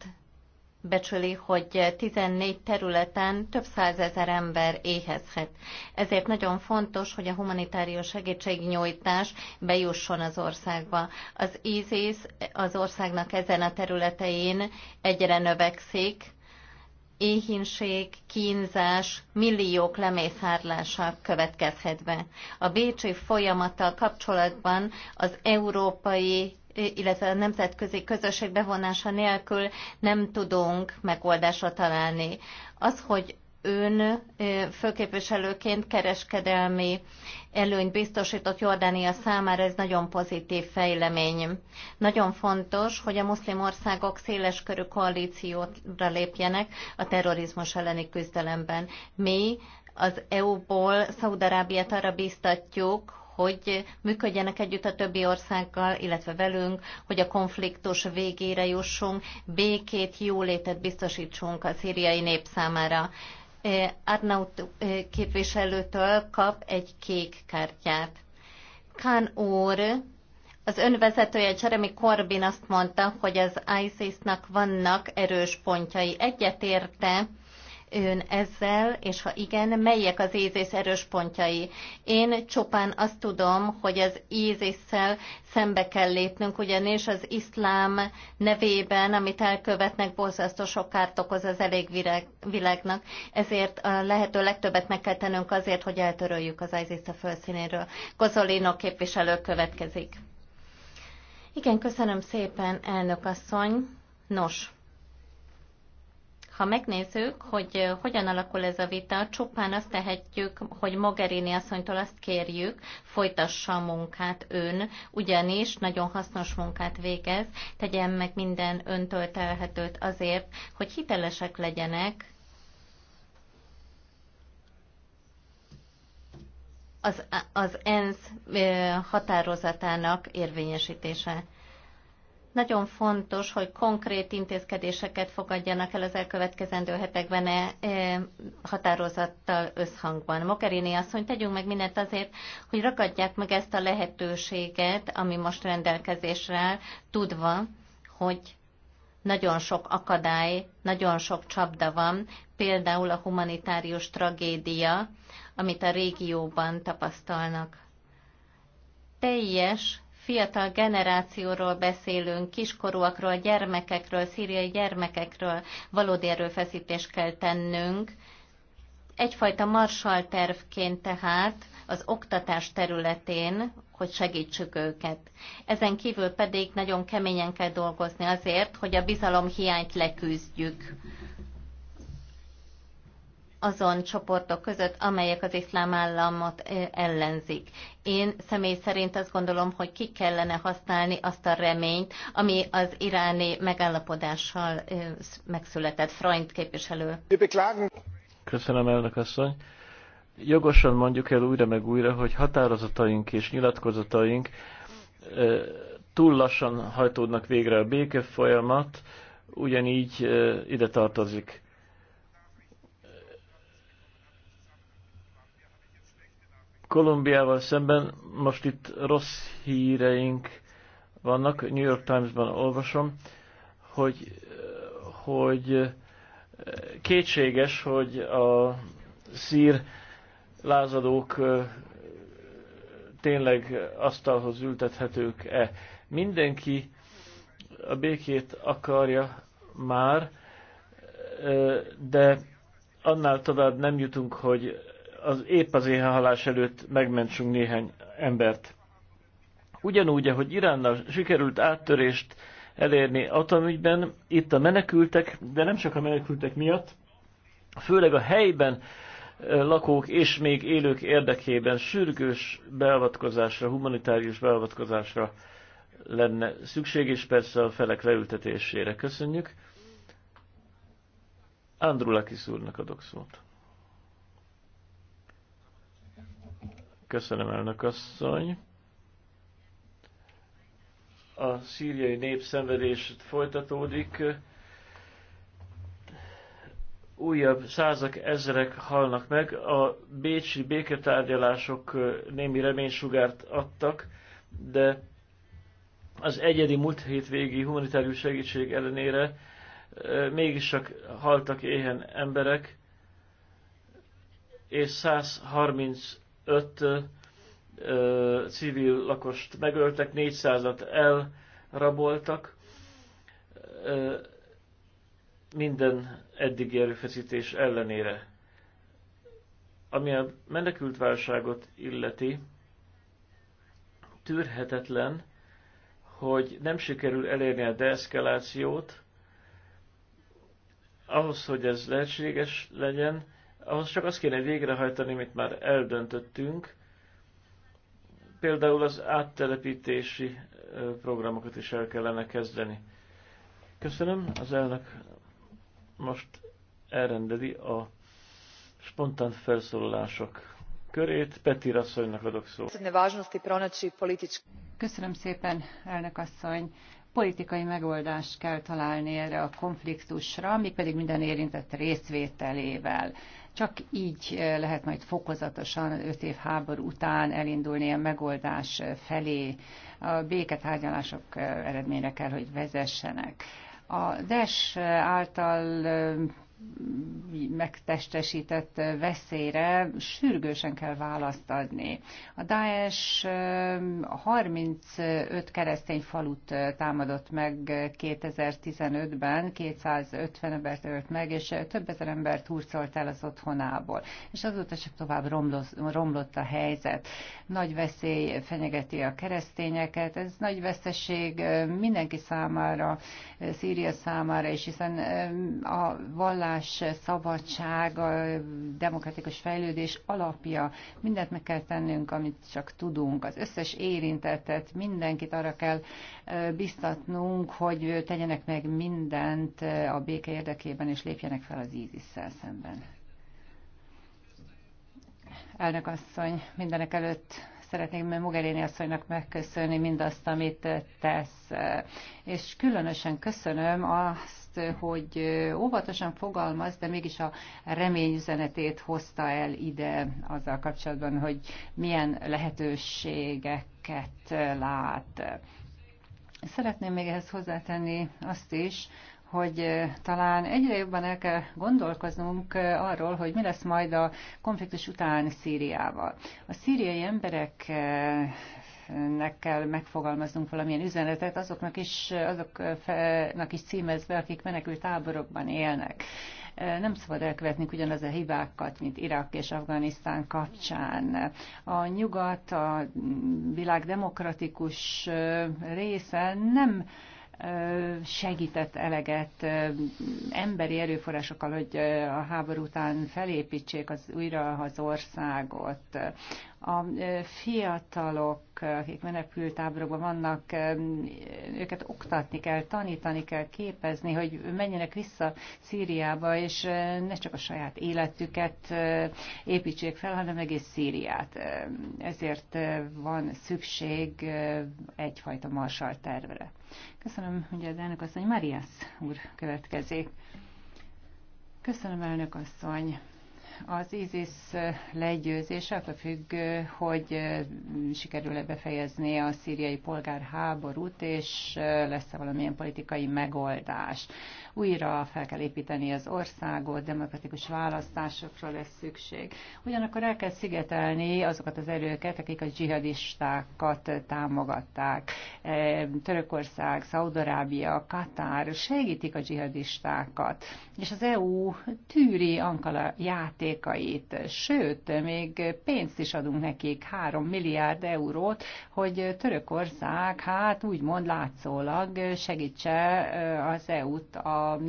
becsüli, hogy 14 területen több százezer ember éhezhet. Ezért nagyon fontos, hogy a humanitárius segítségnyújtás bejusson az országba. Az ISIS az országnak ezen a területein egyre növekszik, éhínség, kínzás, milliók lemészárlása következhet be. A bécsi folyamattal kapcsolatban az európai illetve a nemzetközi közösség bevonása nélkül nem tudunk megoldásra találni. Az, hogy ön főképviselőként kereskedelmi előnyt biztosított Jordánia számára, ez nagyon pozitív fejlemény. Nagyon fontos, hogy a muszlim országok széleskörű koalícióra lépjenek a terrorizmus elleni küzdelemben. Mi az EU-ból Szaudarábiát arra biztatjuk, hogy működjenek együtt a többi országgal, illetve velünk, hogy a konfliktus végére jussunk, békét, jólétet biztosítsunk a szíriai nép számára. E, Arnaut e, képviselőtől kap egy kék kártyát. Kán úr, az önvezetője Jeremy Corbyn azt mondta, hogy az ISIS-nak vannak erős pontjai. Egyetérte ön ezzel, és ha igen, melyek az ízés erős pontjai? Én csupán azt tudom, hogy az ízéssel szembe kell lépnünk, ugyanis az iszlám nevében, amit elkövetnek, borzasztó sok kárt okoz az elég világnak, ezért a lehető legtöbbet meg kell tennünk azért, hogy eltöröljük az ISIS a felszínéről. Kozolino képviselő következik. Igen, köszönöm szépen, elnök asszony. Nos, ha megnézzük, hogy hogyan alakul ez a vita, csupán azt tehetjük, hogy Mogherini asszonytól azt kérjük, folytassa a munkát ön, ugyanis nagyon hasznos munkát végez, tegyen meg minden öntől telhetőt azért, hogy hitelesek legyenek az, az ENSZ határozatának érvényesítése. Nagyon fontos, hogy konkrét intézkedéseket fogadjanak el az elkövetkezendő hetekben e, e, határozattal összhangban. azt hogy tegyünk meg mindent azért, hogy ragadják meg ezt a lehetőséget, ami most rendelkezésre áll, tudva, hogy nagyon sok akadály, nagyon sok csapda van, például a humanitárius tragédia, amit a régióban tapasztalnak. Teljes fiatal generációról beszélünk, kiskorúakról, gyermekekről, szíriai gyermekekről valódi erőfeszítést kell tennünk. Egyfajta marsal tervként tehát az oktatás területén, hogy segítsük őket. Ezen kívül pedig nagyon keményen kell dolgozni azért, hogy a bizalomhiányt leküzdjük azon csoportok között, amelyek az iszlám államot ellenzik. Én személy szerint azt gondolom, hogy ki kellene használni azt a reményt, ami az iráni megállapodással megszületett. Freund képviselő. Köszönöm, elnök asszony. Jogosan mondjuk el újra meg újra, hogy határozataink és nyilatkozataink túl lassan hajtódnak végre a béke folyamat, ugyanígy ide tartozik Kolumbiával szemben most itt rossz híreink vannak, New York Times-ban olvasom, hogy, hogy kétséges, hogy a szír lázadók tényleg asztalhoz ültethetők-e. Mindenki a békét akarja már, de annál tovább nem jutunk, hogy az, épp az éhehalás előtt megmentsünk néhány embert. Ugyanúgy, ahogy Iránnal sikerült áttörést elérni atomügyben, itt a menekültek, de nem csak a menekültek miatt, főleg a helyben lakók és még élők érdekében sürgős beavatkozásra, humanitárius beavatkozásra lenne szükség, és persze a felek leültetésére. Köszönjük. Andrulakis úrnak adok szót. Köszönöm, elnök asszony. A szíriai népszenvedés folytatódik. Újabb százak, ezerek halnak meg. A bécsi béketárgyalások némi reménysugárt adtak, de az egyedi múlt hétvégi humanitárius segítség ellenére mégis csak haltak éhen emberek, és 130 öt ö, civil lakost megöltek, 400-at elraboltak. Ö, minden eddigi erőfeszítés ellenére. Ami a menekült válságot illeti, tűrhetetlen, hogy nem sikerül elérni a deeszkalációt, ahhoz, hogy ez lehetséges legyen, ahhoz csak azt kéne végrehajtani, amit már eldöntöttünk, például az áttelepítési programokat is el kellene kezdeni. Köszönöm, az elnök most elrendeli a spontán felszólalások körét. Peti Rasszonynak adok szót. Köszönöm szépen, elnök asszony politikai megoldást kell találni erre a konfliktusra, pedig minden érintett részvételével. Csak így eh, lehet majd fokozatosan öt év háború után elindulni a megoldás eh, felé. A béketárgyalások eh, eredményre kell, hogy vezessenek. A DES által megtestesített veszélyre sürgősen kell választ adni. A Daesh 35 eh, keresztény falut eh, támadott meg 2015-ben, 250 embert ölt meg, és eh, több ezer embert hurcolt el az otthonából. És azóta csak tovább romlott, romlott a helyzet. Nagy veszély fenyegeti a keresztényeket, ez nagy veszteség mindenki számára, Szíria számára, és hiszen a vallás szólás, szabadság, a demokratikus fejlődés alapja. Mindent meg kell tennünk, amit csak tudunk. Az összes érintettet, mindenkit arra kell biztatnunk, hogy tegyenek meg mindent a béke érdekében, és lépjenek fel az ISIS-szel szemben. Elnök asszony, mindenek előtt szeretném Mogherini asszonynak megköszönni mindazt, amit tesz. És különösen köszönöm a azt, hogy óvatosan fogalmaz, de mégis a remény üzenetét hozta el ide azzal kapcsolatban, hogy milyen lehetőségeket lát. Szeretném még ehhez hozzátenni azt is, hogy talán egyre jobban el kell gondolkoznunk arról, hogy mi lesz majd a konfliktus után Szíriával. A szíriai emberek embereknek kell megfogalmaznunk valamilyen üzenetet, azoknak is, azoknak is címezve, akik menekült táborokban élnek. Nem szabad elkövetni ugyanaz a hibákat, mint Irak és Afganisztán kapcsán. A nyugat, a világ demokratikus része nem segített eleget emberi erőforrásokkal, hogy a háború után felépítsék az, újra az országot. A fiatalok, akik menekültáborokban vannak, őket oktatni kell, tanítani kell, képezni, hogy menjenek vissza Szíriába, és ne csak a saját életüket építsék fel, hanem egész Szíriát. Ezért van szükség egyfajta marsal tervre. Köszönöm, hogy az elnök asszony Marias úr következik. Köszönöm, elnök asszony. Az ISIS legyőzése attól függ, hogy sikerül-e befejezni a szíriai polgárháborút, és lesz-e valamilyen politikai megoldás újra fel kell építeni az országot, demokratikus választásokra lesz szükség. Ugyanakkor el kell szigetelni azokat az erőket, akik a dzsihadistákat támogatták. E, Törökország, Szaudarábia, Katár segítik a dzsihadistákat, és az EU tűri Ankara játékait, sőt, még pénzt is adunk nekik, 3 milliárd eurót, hogy Törökország, hát úgymond látszólag segítse e, az EU-t a a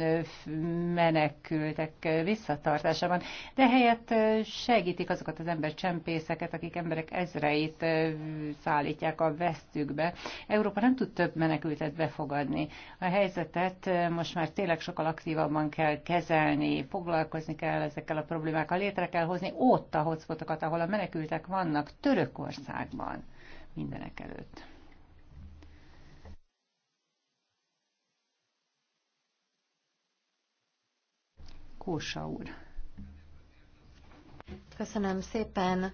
menekültek visszatartásában, de helyett segítik azokat az embercsempészeket, akik emberek ezreit szállítják a vesztükbe. Európa nem tud több menekültet befogadni. A helyzetet most már tényleg sokkal aktívabban kell kezelni, foglalkozni kell ezekkel a problémákkal, létre kell hozni ott a hotspotokat, ahol a menekültek vannak, Törökországban mindenek előtt. Kósa úr. Köszönöm szépen.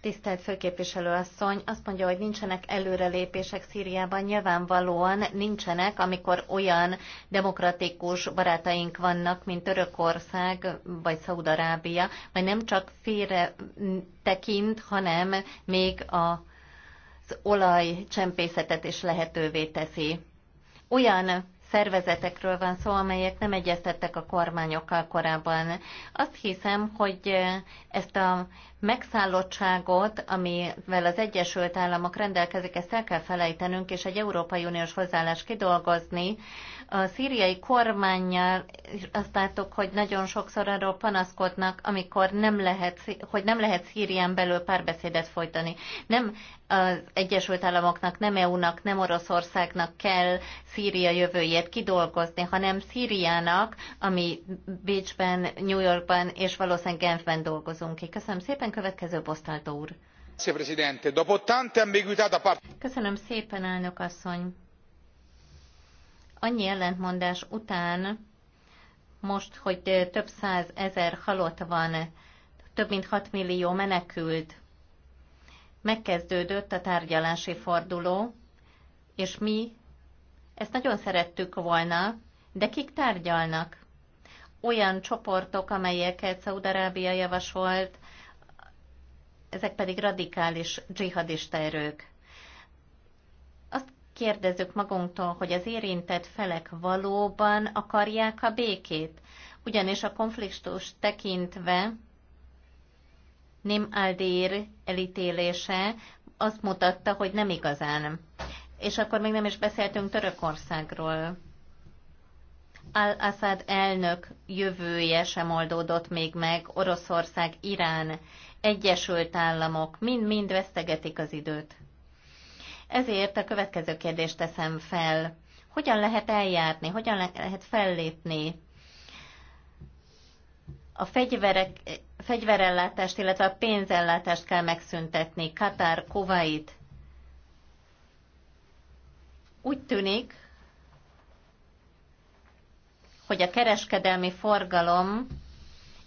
Tisztelt főképviselő asszony, azt mondja, hogy nincsenek előrelépések Szíriában, nyilvánvalóan nincsenek, amikor olyan demokratikus barátaink vannak, mint Törökország vagy Szaudarábia, vagy nem csak félre tekint, hanem még az olajcsempészetet is lehetővé teszi. Olyan szervezetekről van szó, amelyek nem egyeztettek a kormányokkal korábban. Azt hiszem, hogy ezt a megszállottságot, amivel az Egyesült Államok rendelkezik, ezt el kell felejtenünk, és egy Európai Uniós hozzáállást kidolgozni, a szíriai kormányjal azt láttuk, hogy nagyon sokszor arról panaszkodnak, amikor nem lehet, hogy nem lehet Szírián belül párbeszédet folytani. Nem az Egyesült Államoknak, nem EU-nak, nem Oroszországnak kell Szíria jövőjét kidolgozni, hanem Szíriának, ami Bécsben, New Yorkban és valószínűleg Genfben dolgozunk ki. Köszönöm szépen, következő Bosztaltó úr. Köszönöm szépen, elnök asszony annyi ellentmondás után, most, hogy több száz ezer halott van, több mint 6 millió menekült, megkezdődött a tárgyalási forduló, és mi ezt nagyon szerettük volna, de kik tárgyalnak? Olyan csoportok, amelyeket Szaudarábia javasolt, ezek pedig radikális dzsihadista erők kérdezzük magunktól, hogy az érintett felek valóban akarják a békét, ugyanis a konfliktus tekintve Nim Aldir elítélése azt mutatta, hogy nem igazán. És akkor még nem is beszéltünk Törökországról. Al-Assad elnök jövője sem oldódott még meg, Oroszország, Irán, Egyesült Államok mind-mind vesztegetik az időt. Ezért a következő kérdést teszem fel. Hogyan lehet eljárni, hogyan lehet fellépni a fegyverek, fegyverellátást, illetve a pénzellátást kell megszüntetni. Katar, Kuwait. Úgy tűnik, hogy a kereskedelmi forgalom,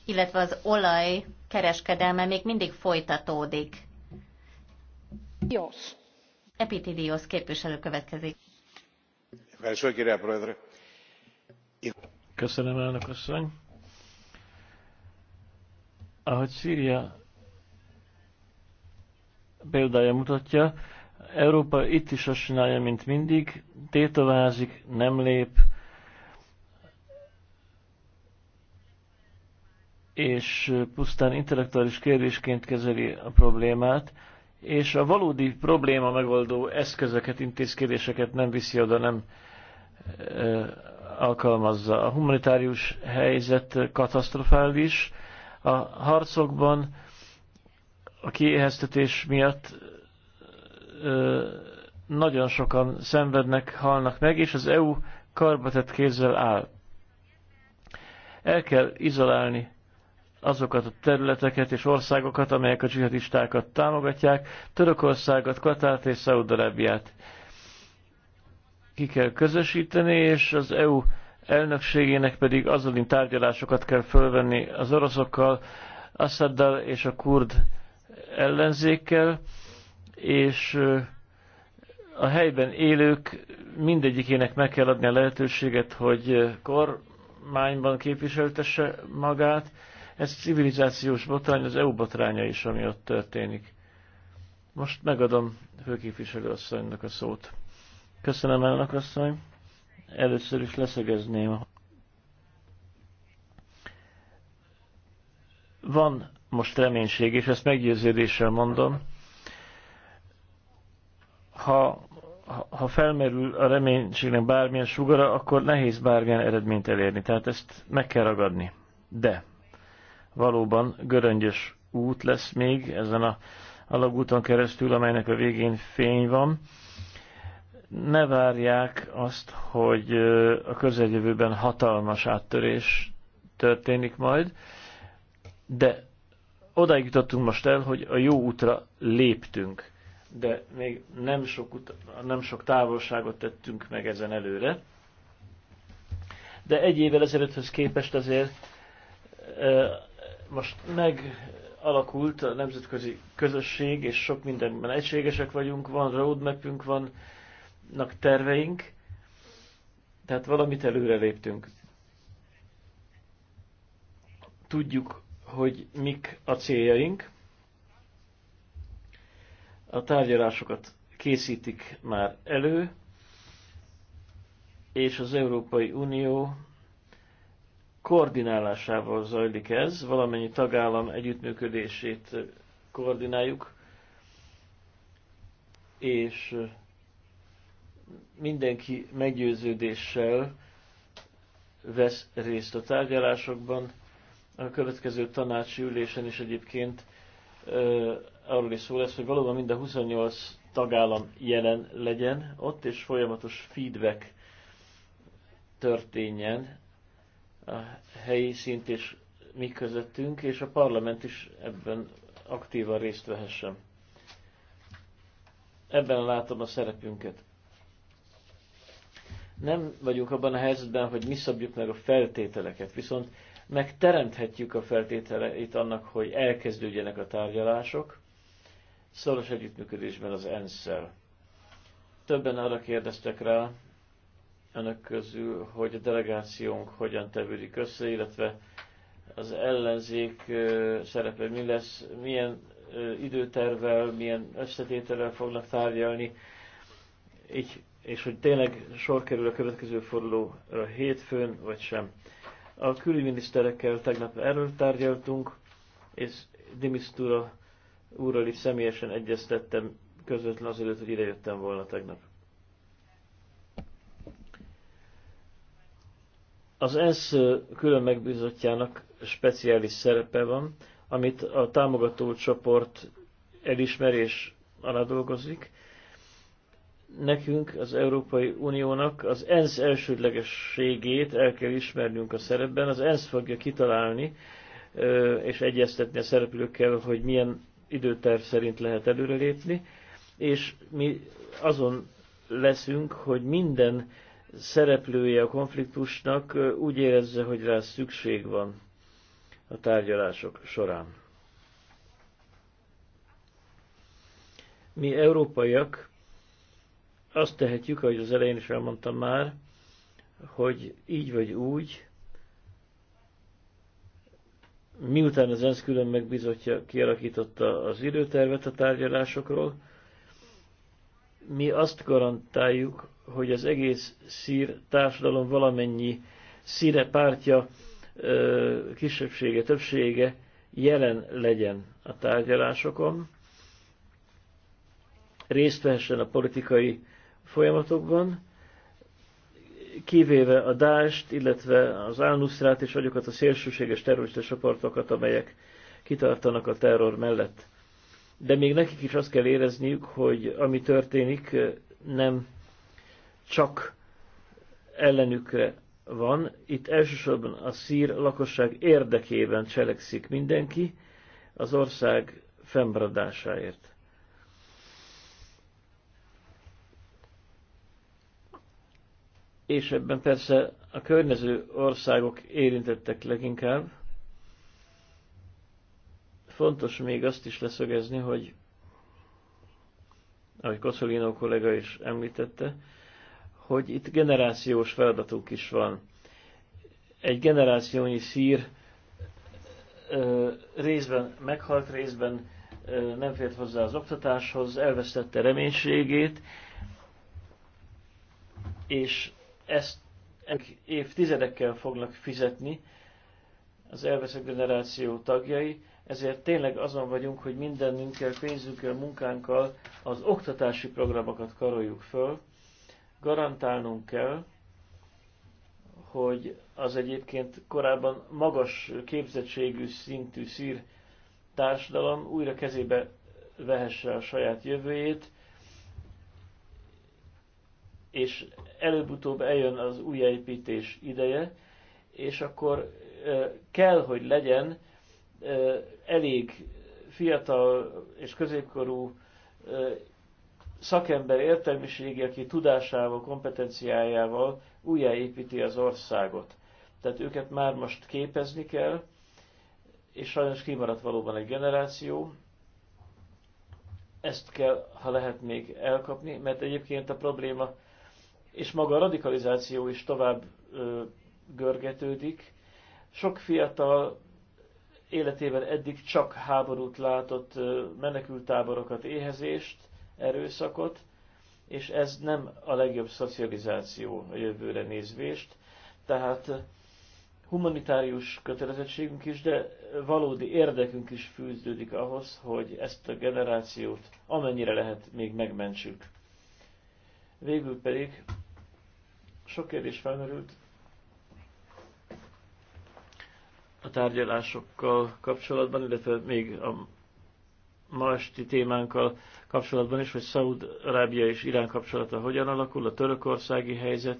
illetve az olaj kereskedelme még mindig folytatódik. Jó. Epitidios képviselő következik. Köszönöm, elnök asszony. Ahogy Szíria példája mutatja, Európa itt is azt csinálja, mint mindig, tétovázik, nem lép, és pusztán intellektuális kérdésként kezeli a problémát és a valódi probléma megoldó eszközöket, intézkedéseket nem viszi oda, nem ö, alkalmazza. A humanitárius helyzet katasztrofális. A harcokban a kiéheztetés miatt ö, nagyon sokan szenvednek, halnak meg, és az EU karbatett kézzel áll. El kell izolálni azokat a területeket és országokat, amelyek a dzsihadistákat támogatják, Törökországot, Katárt és Szaudarábiát ki kell közösíteni, és az EU elnökségének pedig azolin tárgyalásokat kell fölvenni az oroszokkal, Assaddal és a kurd ellenzékkel, és a helyben élők mindegyikének meg kell adni a lehetőséget, hogy kormányban képviseltesse magát, ez civilizációs botrány, az EU botránya is, ami ott történik. Most megadom főképviselő asszonynak a szót. Köszönöm, elnök asszony. Először is leszögezném. Van most reménység, és ezt meggyőződéssel mondom. Ha, ha felmerül a reménységnek bármilyen sugara, akkor nehéz bármilyen eredményt elérni. Tehát ezt meg kell ragadni. De valóban göröngyös út lesz még ezen a alagúton keresztül, amelynek a végén fény van. Ne várják azt, hogy a közeljövőben hatalmas áttörés történik majd, de odáig jutottunk most el, hogy a jó útra léptünk, de még nem sok, ut- nem sok távolságot tettünk meg ezen előre. De egy évvel ezelőtthöz képest azért most megalakult a nemzetközi közösség, és sok mindenben egységesek vagyunk, van roadmapünk, vannak terveink, tehát valamit előre léptünk. Tudjuk, hogy mik a céljaink. A tárgyalásokat készítik már elő, és az Európai Unió koordinálásával zajlik ez, valamennyi tagállam együttműködését koordináljuk, és mindenki meggyőződéssel vesz részt a tárgyalásokban. A következő tanácsi ülésen is egyébként arról is szó lesz, hogy valóban mind a 28 tagállam jelen legyen ott, és folyamatos feedback történjen a helyi szint és mi közöttünk, és a parlament is ebben aktívan részt vehessen. Ebben látom a szerepünket. Nem vagyunk abban a helyzetben, hogy mi szabjuk meg a feltételeket, viszont megteremthetjük a feltételeit annak, hogy elkezdődjenek a tárgyalások, szoros együttműködésben az ENSZ-szel. Többen arra kérdeztek rá, önök közül, hogy a delegációnk hogyan tevődik össze, illetve az ellenzék szerepe mi lesz, milyen időtervel, milyen összetételrel fognak tárgyalni, így, és hogy tényleg sor kerül a következő fordulóra hétfőn, vagy sem. A külügyminiszterekkel tegnap erről tárgyaltunk, és Dimisztura úrral is személyesen egyeztettem közvetlen azelőtt, hogy idejöttem volna tegnap. Az ENSZ külön megbízottjának speciális szerepe van, amit a támogató csoport elismer és alá dolgozik. Nekünk, az Európai Uniónak az ENSZ elsődlegességét el kell ismernünk a szerepben. Az ENSZ fogja kitalálni és egyeztetni a szereplőkkel, hogy milyen időterv szerint lehet előrelépni, és mi azon leszünk, hogy minden szereplője a konfliktusnak úgy érezze, hogy rá szükség van a tárgyalások során. Mi európaiak azt tehetjük, ahogy az elején is elmondtam már, hogy így vagy úgy, miután az ENSZ külön megbizotja kialakította az időtervet a tárgyalásokról, mi azt garantáljuk, hogy az egész szír társadalom valamennyi szíre pártja, kisebbsége, többsége jelen legyen a tárgyalásokon, részt vehessen a politikai folyamatokban, kivéve a Dást, illetve az Ánuszrát és vagyokat a szélsőséges terrorista csoportokat, amelyek kitartanak a terror mellett de még nekik is azt kell érezniük, hogy ami történik, nem csak ellenükre van. Itt elsősorban a szír lakosság érdekében cselekszik mindenki az ország fennmaradásáért. És ebben persze a környező országok érintettek leginkább. Fontos még azt is leszögezni, hogy ahogy Kosszolino kollega is említette, hogy itt generációs feladatunk is van. Egy generációnyi szír részben meghalt, részben nem fért hozzá az oktatáshoz, elvesztette reménységét, és ezt évtizedekkel fognak fizetni az elveszett generáció tagjai, ezért tényleg azon vagyunk, hogy mindenünkkel, pénzünkkel, munkánkkal az oktatási programokat karoljuk föl. Garantálnunk kell, hogy az egyébként korábban magas képzettségű szintű szír társadalom újra kezébe vehesse a saját jövőjét, és előbb-utóbb eljön az újjáépítés ideje, és akkor kell, hogy legyen elég fiatal és középkorú szakember értelmiségi, aki tudásával, kompetenciájával újjáépíti az országot. Tehát őket már most képezni kell, és sajnos kimaradt valóban egy generáció. Ezt kell, ha lehet még elkapni, mert egyébként a probléma, és maga a radikalizáció is tovább ö, görgetődik. Sok fiatal életében eddig csak háborút látott, menekültáborokat, éhezést, erőszakot, és ez nem a legjobb szocializáció a jövőre nézvést. Tehát humanitárius kötelezettségünk is, de valódi érdekünk is fűződik ahhoz, hogy ezt a generációt amennyire lehet még megmentsük. Végül pedig sok kérdés felmerült a tárgyalásokkal kapcsolatban, illetve még a ma esti témánkkal kapcsolatban is, hogy Szaúd-Arábia és Irán kapcsolata hogyan alakul, a törökországi helyzet,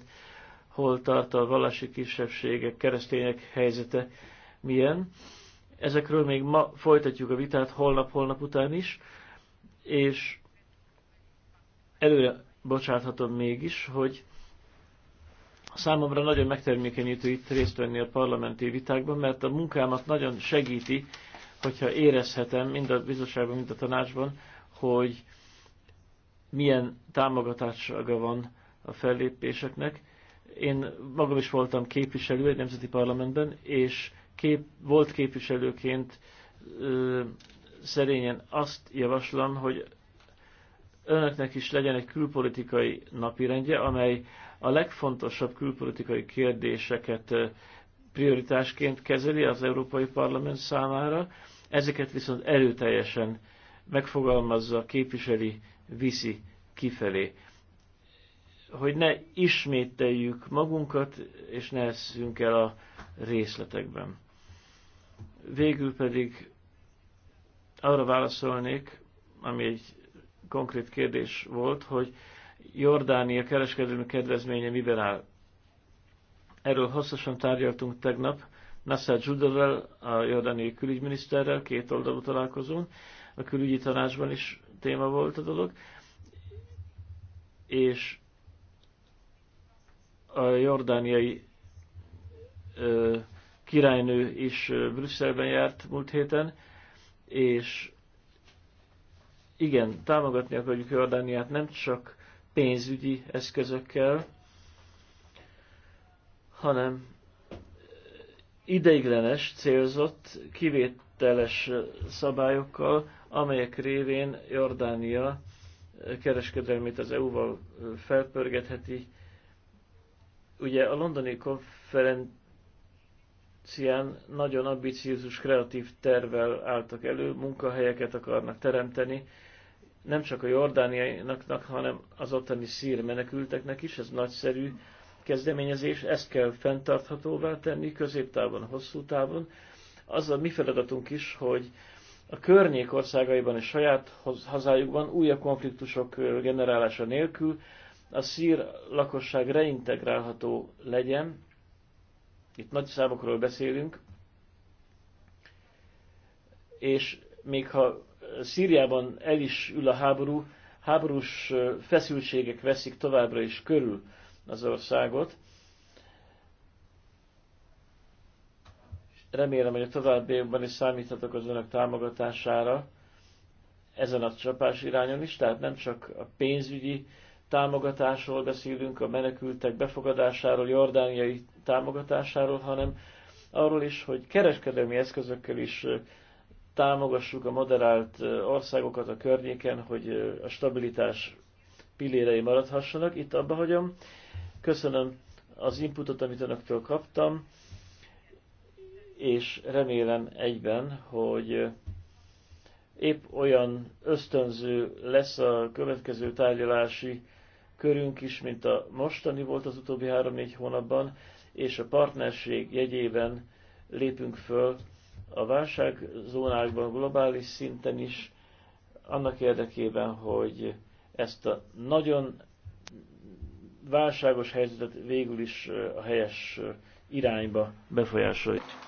hol tart a vallási kisebbségek, keresztények helyzete milyen. Ezekről még ma folytatjuk a vitát, holnap-holnap után is, és előre bocsáthatom mégis, hogy Számomra nagyon megtermékenyítő itt részt venni a parlamenti vitákban, mert a munkámat nagyon segíti, hogyha érezhetem mind a bizottságban, mind a tanácsban, hogy milyen támogatássága van a fellépéseknek. Én magam is voltam képviselő egy nemzeti parlamentben, és kép, volt képviselőként ö, szerényen azt javaslom, hogy önöknek is legyen egy külpolitikai napirendje, amely a legfontosabb külpolitikai kérdéseket prioritásként kezeli az Európai Parlament számára, ezeket viszont erőteljesen megfogalmazza, képviseli, viszi kifelé. Hogy ne ismételjük magunkat, és ne eszünk el a részletekben. Végül pedig arra válaszolnék, ami egy konkrét kérdés volt, hogy Jordánia kereskedelmi kedvezménye miben áll? Erről hosszasan tárgyaltunk tegnap. Nasser Judavel, a jordániai külügyminiszterrel, két oldalú találkozón. A külügyi tanácsban is téma volt a dolog. És a jordániai ö, királynő is Brüsszelben járt múlt héten, és igen, támogatni akarjuk Jordániát nem csak pénzügyi eszközökkel, hanem ideiglenes, célzott, kivételes szabályokkal, amelyek révén Jordánia kereskedelmét az EU-val felpörgetheti. Ugye a londoni konferencián nagyon ambiciózus, kreatív tervel álltak elő, munkahelyeket akarnak teremteni, nem csak a jordániaknak, hanem az ottani szír menekülteknek is, ez nagyszerű kezdeményezés, ezt kell fenntarthatóvá tenni középtávon, hosszú távon. Az a mi feladatunk is, hogy a környék országaiban és saját hazájukban újabb konfliktusok generálása nélkül a szír lakosság reintegrálható legyen. Itt nagy számokról beszélünk, és még ha Szíriában el is ül a háború, háborús feszültségek veszik továbbra is körül az országot. Remélem, hogy a továbbiakban is számíthatok az önök támogatására ezen a csapás irányon is, tehát nem csak a pénzügyi támogatásról beszélünk, a menekültek befogadásáról, jordániai támogatásáról, hanem arról is, hogy kereskedelmi eszközökkel is támogassuk a moderált országokat a környéken, hogy a stabilitás pillérei maradhassanak. Itt abba hagyom. Köszönöm az inputot, amit önöktől kaptam, és remélem egyben, hogy épp olyan ösztönző lesz a következő tárgyalási körünk is, mint a mostani volt az utóbbi három-négy hónapban, és a partnerség jegyében lépünk föl a válságzónákban, globális szinten is, annak érdekében, hogy ezt a nagyon válságos helyzetet végül is a helyes irányba befolyásoljuk.